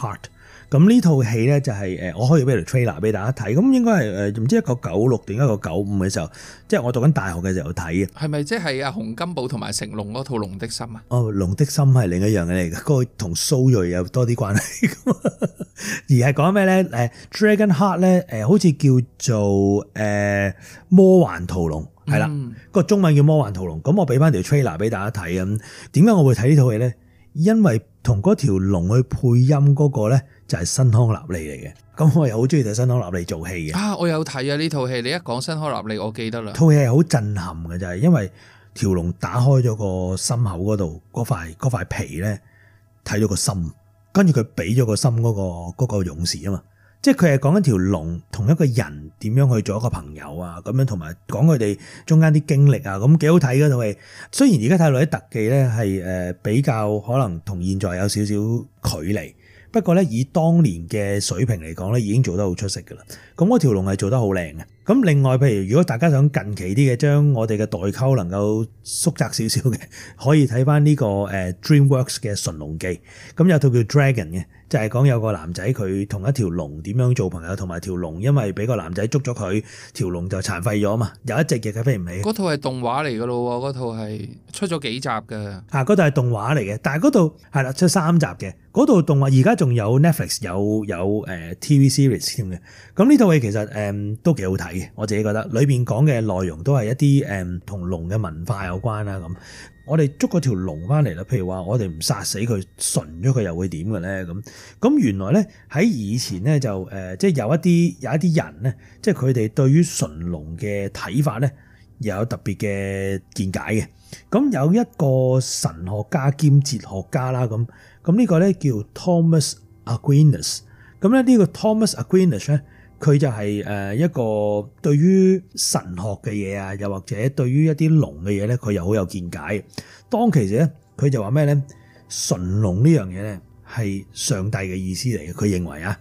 Speaker 1: 咁呢套戲咧就係誒，我可以俾條 trailer 俾大家睇，咁應該係誒，唔知一個九六定一個九五嘅時候，即係我讀緊大學嘅時候睇嘅。係咪即係
Speaker 2: 阿洪金寶同埋成龍嗰套《龍的心》啊？
Speaker 1: 哦，《龍的心》係另一樣嘅嚟嘅，個同蘇瑞有多啲關係， 而係講咩咧？誒，《Dragon Heart》咧，誒，好似叫做誒《魔幻屠龍》係、嗯、啦，個中文叫《魔幻屠龍》。咁我俾翻條 trailer 俾大家睇咁，點解我會睇呢套戲咧？因為同嗰條龍去配音嗰個呢，就係新康納利嚟嘅，咁我又好中意睇新康納利做戲
Speaker 2: 嘅。啊，我有睇啊呢套戲，你一講新康納利，我記得啦。套戲係
Speaker 1: 好震撼嘅，就係因為條龍打開咗個心口嗰度，嗰塊嗰塊皮呢，睇咗個心，跟住佢俾咗個心嗰、嗰個嗰、嗰個勇士啊嘛。即係佢係講一條龍同一個人點樣去做一個朋友啊咁樣，同埋講佢哋中間啲經歷啊，咁幾好睇嘅套戲，雖然而家睇落啲特技咧係誒比較可能同現在有少少距離，不過咧以當年嘅水平嚟講咧，已經做得好出色噶啦。咁嗰條龍係做得好靚嘅。咁另外，譬如如果大家想近期啲嘅，將我哋嘅代溝能夠縮窄少少嘅，可以睇翻呢個誒 DreamWorks 嘅《馴龍記》，咁有套叫《Dragon》嘅。就係、是、講有個男仔佢同一條龍點樣做朋友，同埋條龍因為俾個男仔捉咗佢，條龍就殘廢咗嘛，有一隻翼佢飛唔起。
Speaker 2: 嗰套係動畫嚟㗎咯，嗰套係出咗幾集嘅。
Speaker 1: 嗰度係動畫嚟嘅，但係嗰度係啦出三集嘅，嗰度動畫而家仲有 Netflix 有有 TV series 添嘅。咁呢套戲其實誒、嗯、都幾好睇嘅。我自己覺得裏面講嘅內容都係一啲誒同龍嘅文化有關啦咁。我哋捉嗰條龍翻嚟啦，譬如話我哋唔殺死佢，馴咗佢又會點嘅咧？咁咁原來咧喺以前咧就誒，即係有一啲有一啲人咧，即係佢哋對於馴龍嘅睇法咧，又有特別嘅見解嘅。咁有一個神學家兼哲學家啦，咁咁呢個咧叫 Thomas Aquinas。咁咧呢個 Thomas Aquinas 咧。佢就係誒一個對於神學嘅嘢啊，又或者對於一啲龍嘅嘢咧，佢又好有見解當時。當其時咧，佢就話咩咧？神龍呢樣嘢咧，係上帝嘅意思嚟嘅。佢認為啊。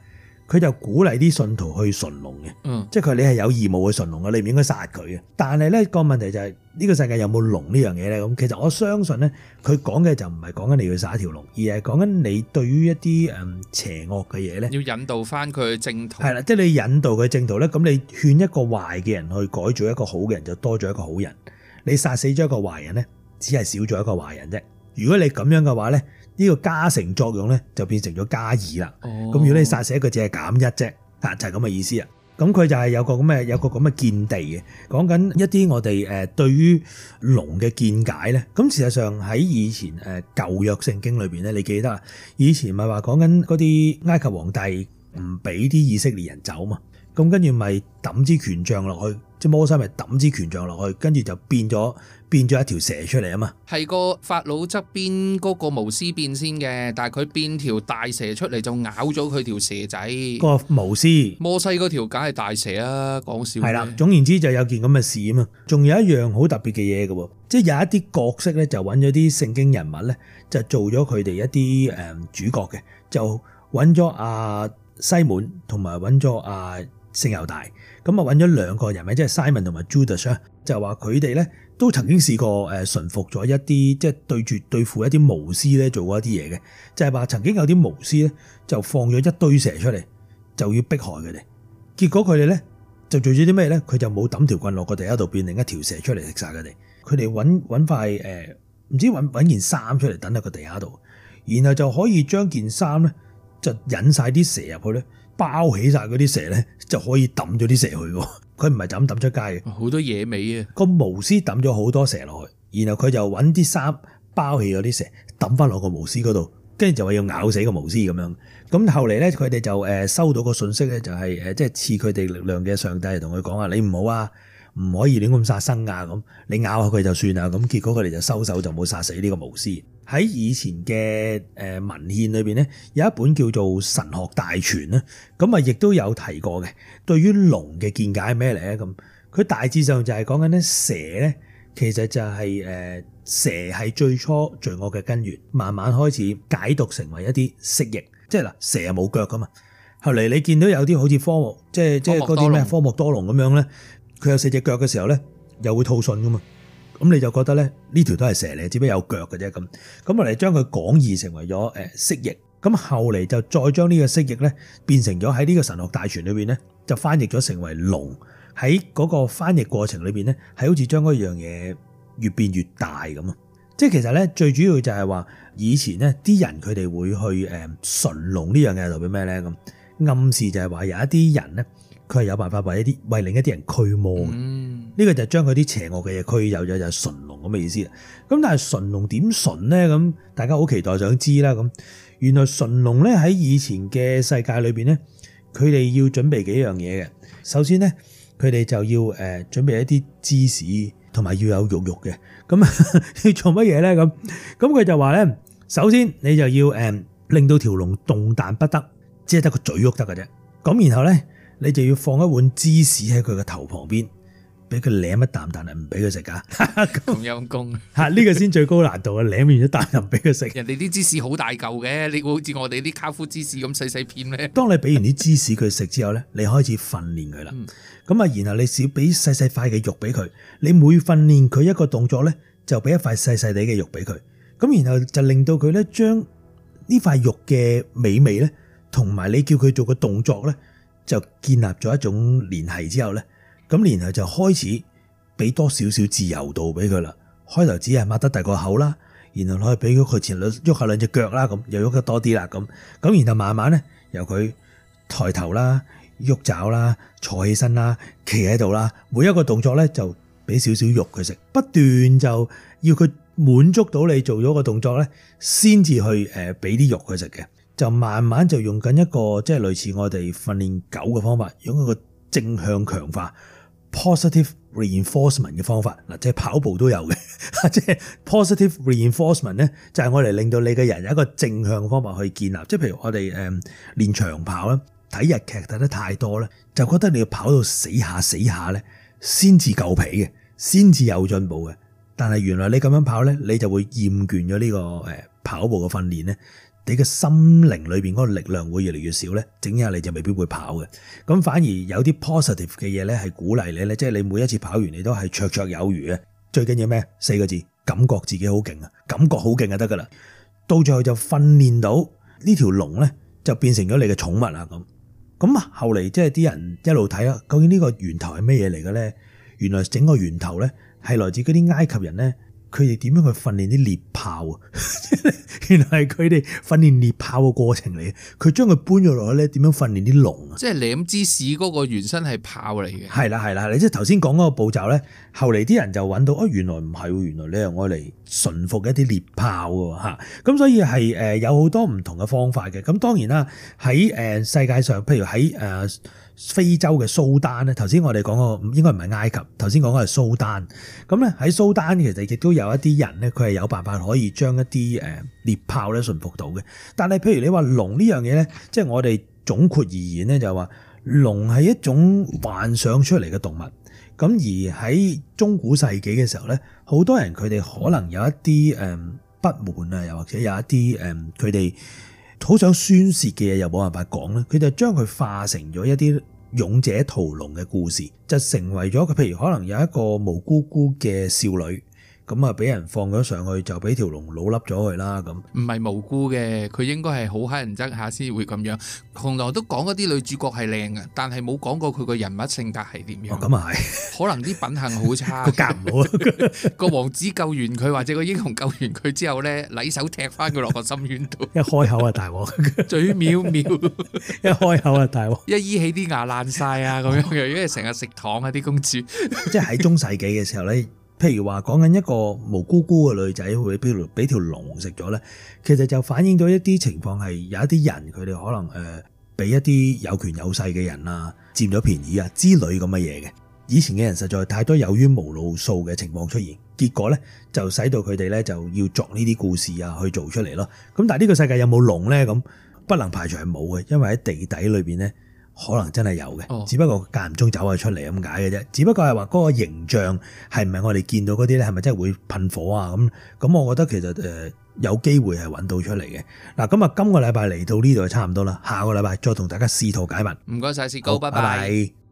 Speaker 1: 佢就鼓勵啲信徒去馴龍嘅，即係佢你係有義務去馴龍嘅，你唔應該殺佢嘅。但係咧個問題就係呢個世界有冇龍呢樣嘢咧？咁其實我相信咧，佢講嘅就唔係講緊你要殺一條龍，而係講緊你對於一啲誒邪惡嘅嘢咧，
Speaker 2: 要引導翻佢正途。係
Speaker 1: 啦，即係你引導佢正途咧，咁你勸一個壞嘅人去改造一個好嘅人，就多咗一個好人。你殺死咗一個壞人咧，只係少咗一個壞人啫。如果你咁樣嘅話咧，呢、這個加成作用咧，就變成咗加二啦、哦。咁如果你殺死一個，只係減一啫，就係咁嘅意思啦。咁佢就係有個咁嘅有個咁嘅見地嘅，講緊一啲我哋誒對於龍嘅見解咧。咁事實際上喺以前誒舊約聖經裏面咧，你記得以前咪話講緊嗰啲埃及皇帝唔俾啲以色列人走嘛。咁跟住咪揼支權杖落去，即係摩西咪揼支權杖落去，跟住就變咗。變咗一條蛇出嚟啊嘛，
Speaker 2: 係個法老側邊嗰個巫師變先嘅，但係佢變條大蛇出嚟就咬咗佢條蛇仔個
Speaker 1: 巫師。
Speaker 2: 摩西嗰條梗係大蛇啦，啊，講笑係啦。總
Speaker 1: 言之就有件咁嘅事啊嘛，仲有一樣好特別嘅嘢嘅喎，即係有一啲角色咧就揾咗啲聖經人物咧就做咗佢哋一啲誒主角嘅，就揾咗阿西門同埋揾咗阿聖猶大，咁啊揾咗兩個人物即係 Simon 同埋 Judas 啊，就話佢哋咧。都曾經試過誒，馴服咗一啲，即係對住對付一啲巫師咧，做過一啲嘢嘅，就係話曾經有啲巫師咧，就放咗一堆蛇出嚟，就要迫害佢哋。結果佢哋咧就做咗啲咩咧？佢就冇抌條棍落個地下度，變另一條蛇出嚟食晒佢哋。佢哋揾揾塊誒，唔、呃、唔知揾揾件衫出嚟等喺個地下度，然後就可以將件衫咧就引晒啲蛇入去咧。包起晒嗰啲蛇咧，就可以抌咗啲蛇去喎。佢唔係就咁抌出街嘅，好多野味啊！個巫師抌咗好多蛇落去，然後佢就揾啲衫包起嗰啲蛇，抌翻落個巫師嗰度，跟住就話要咬死個巫師咁樣。咁後嚟咧，佢哋就誒收到個信息咧，就係誒即係賜佢哋力量嘅上帝同佢講話：你唔好啊，唔可以亂咁殺生啊咁。你咬下佢就算啊。咁結果佢哋就收手，就冇殺死呢個巫師。喺以前嘅文獻裏面，咧，有一本叫做《神學大全》咧，咁啊亦都有提過嘅。對於龍嘅見解係咩嚟啊？咁佢大致上就係講緊咧，蛇咧其實就係蛇係最初罪惡嘅根源，慢慢開始解讀成為一啲蜥蜴，即係嗱蛇冇腳噶嘛。後嚟你見到有啲好似科莫，即係即係嗰啲咩科莫多龍咁樣咧，佢有四隻腳嘅時候咧，又會吐信噶嘛。咁你就覺得咧，呢條都係蛇，你只不過有腳嘅啫。咁咁我哋將佢廣義成為咗誒蜥蜴，咁後嚟就再將呢個蜥蜴咧變成咗喺呢個神學大全裏面，咧，就翻譯咗成為龍。喺嗰個翻譯過程裏面，咧，係好似將嗰樣嘢越變越大咁啊！即係其實咧，最主要就係話以前咧，啲人佢哋會去誒純龍呢樣嘢代表咩咧？咁暗示就係話有一啲人咧，佢係有辦法為一啲為另一啲人驅魔嘅。嗯呢、這個就將佢啲邪惡嘅嘢驅走咗，就係「馴龍」咁嘅意思啦。咁但係馴龍點馴呢？咁大家好期待想知啦。咁原來馴龍咧喺以前嘅世界裏邊咧，佢哋要準備幾樣嘢嘅。首先咧，佢哋就要誒準備一啲芝士，同埋要有肉肉嘅。咁、嗯、要做乜嘢咧？咁咁佢就話咧，首先你就要誒令到條龍動彈不得，即係得個嘴喐得㗎啫。咁然後咧，你就要放一碗芝士喺佢嘅頭旁邊。佢舐一啖，但係唔俾佢食噶，
Speaker 2: 咁陰功
Speaker 1: 吓，呢、 啊呢個先最高難度啊！舐 完一啖，唔俾佢食。
Speaker 2: 人哋啲芝士好大嚿嘅，你會好似我哋啲卡夫芝士咁細細片咧。
Speaker 1: 當你俾完啲芝士佢食之後咧，你開始訓練佢啦。咁啊，然後你少俾細細塊嘅肉俾佢，你每訓練佢一個動作咧，就俾一塊細細哋嘅肉俾佢。咁然後就令到佢咧將呢塊肉嘅美味咧，同埋你叫佢做個動作咧，就建立咗一種聯繫之後咧。咁然後就開始俾多少少自由度俾佢啦。開頭只係擘得大個口啦，然後可以俾佢佢前兩喐下兩隻腳啦，咁又喐得多啲啦，咁咁然後慢慢咧由佢抬頭啦、喐爪啦、坐起身啦、企喺度啦，每一個動作咧就俾少少肉佢食，不斷就要佢滿足到你做咗個動作咧，先至去誒俾啲肉佢食嘅。就慢慢就用緊一個即係類似我哋訓練狗嘅方法，用一個正向強化。positive reinforcement 嘅方法嗱，即係跑步都有嘅，即 係 positive reinforcement 咧，就係我嚟令到你嘅人有一個正向方法去建立，即係譬如我哋誒練長跑啦，睇日劇睇得太多咧，就覺得你要跑到死下死下咧，先至夠皮嘅，先至有進步嘅。但係原來你咁樣跑咧，你就會厭倦咗呢個誒跑步嘅訓練咧。你嘅心靈裏面嗰個力量會越嚟越少咧，整下你就未必會跑嘅。咁反而有啲 positive 嘅嘢咧，係鼓勵你咧，即係你每一次跑完你都係綽綽有餘。最緊要咩？四個字，感覺自己好勁啊，感覺好勁就得噶啦。到最後就訓練到呢條龍咧，就變成咗你嘅寵物啦咁。咁啊後嚟即係啲人一路睇啊，究竟呢個源頭係咩嘢嚟嘅咧？原來整個源頭咧係來自嗰啲埃及人咧。佢哋點樣去訓練啲獵豹啊？ 原來係佢哋訓練獵豹嘅過程嚟嘅。佢將佢搬咗落去咧，點樣訓練啲龍
Speaker 2: 啊？即係舐芝士嗰個原身係
Speaker 1: 豹嚟嘅。係啦係啦，你即係頭先講嗰個步驟咧，後嚟啲人就揾到啊，原來唔係喎，原來呢用我嚟馴服一啲獵豹嘅吓。咁所以係有好多唔同嘅方法嘅。咁當然啦，喺世界上，譬如喺非洲嘅蘇丹咧，頭先我哋講過應該唔係埃及，頭先講過係蘇丹。咁咧喺蘇丹其實亦都有一啲人咧，佢係有辦法可以將一啲誒獵豹咧馴服到嘅。但係譬如你話龍呢樣嘢咧，即係我哋總括而言咧就係話龍係一種幻想出嚟嘅動物。咁而喺中古世紀嘅時候咧，好多人佢哋可能有一啲誒不滿啊，又或者有一啲誒佢哋。好想宣洩嘅嘢又冇辦法講咧，佢就將佢化成咗一啲勇者屠龍嘅故事，就成為咗佢。譬如可能有一個無辜嘅少女。咁啊，俾人放咗上去就俾條龍腦笠咗佢啦，咁
Speaker 2: 唔係無辜嘅，佢應該係好乞人憎下先會咁樣。從來都講嗰啲女主角係靚嘅，但係冇講過佢個人物性格係點樣。哦，咁啊係，可能啲品行好差。個格唔好，個王子救完佢或者個英雄救完佢之後咧，禮手踢翻佢落個深淵度。
Speaker 1: 一開口啊，大鑊
Speaker 2: 嘴藐藐，
Speaker 1: 一開口啊，大鑊
Speaker 2: 一醫起啲牙爛晒啊，咁樣因為成日食糖啊，啲公主。即
Speaker 1: 係喺中世紀嘅時候咧。譬如話講緊一個無辜辜嘅女仔會俾條龍食咗呢，其實就反映咗一啲情況係有一啲人佢哋可能誒俾一啲有權有勢嘅人啊佔咗便宜啊之類咁嘅嘢嘅。以前嘅人實在太多有冤無路訴嘅情況出現，結果呢就使到佢哋呢就要作呢啲故事啊去做出嚟咯。咁但係呢個世界有冇龍呢？咁不能排除係冇嘅，因為喺地底裏邊呢。可能真係有嘅，哦，只不過間唔中走下出嚟咁解嘅啫。只不過係話嗰個形象係唔係我哋見到嗰啲咧，係咪真係會噴火啊？咁咁，我覺得其實誒、呃、有機會係搵到出嚟嘅。嗱，今日今個禮拜嚟到呢度就差唔多啦，下個禮拜再同大家試圖解密。唔該曬，薛高，拜拜。Bye bye bye bye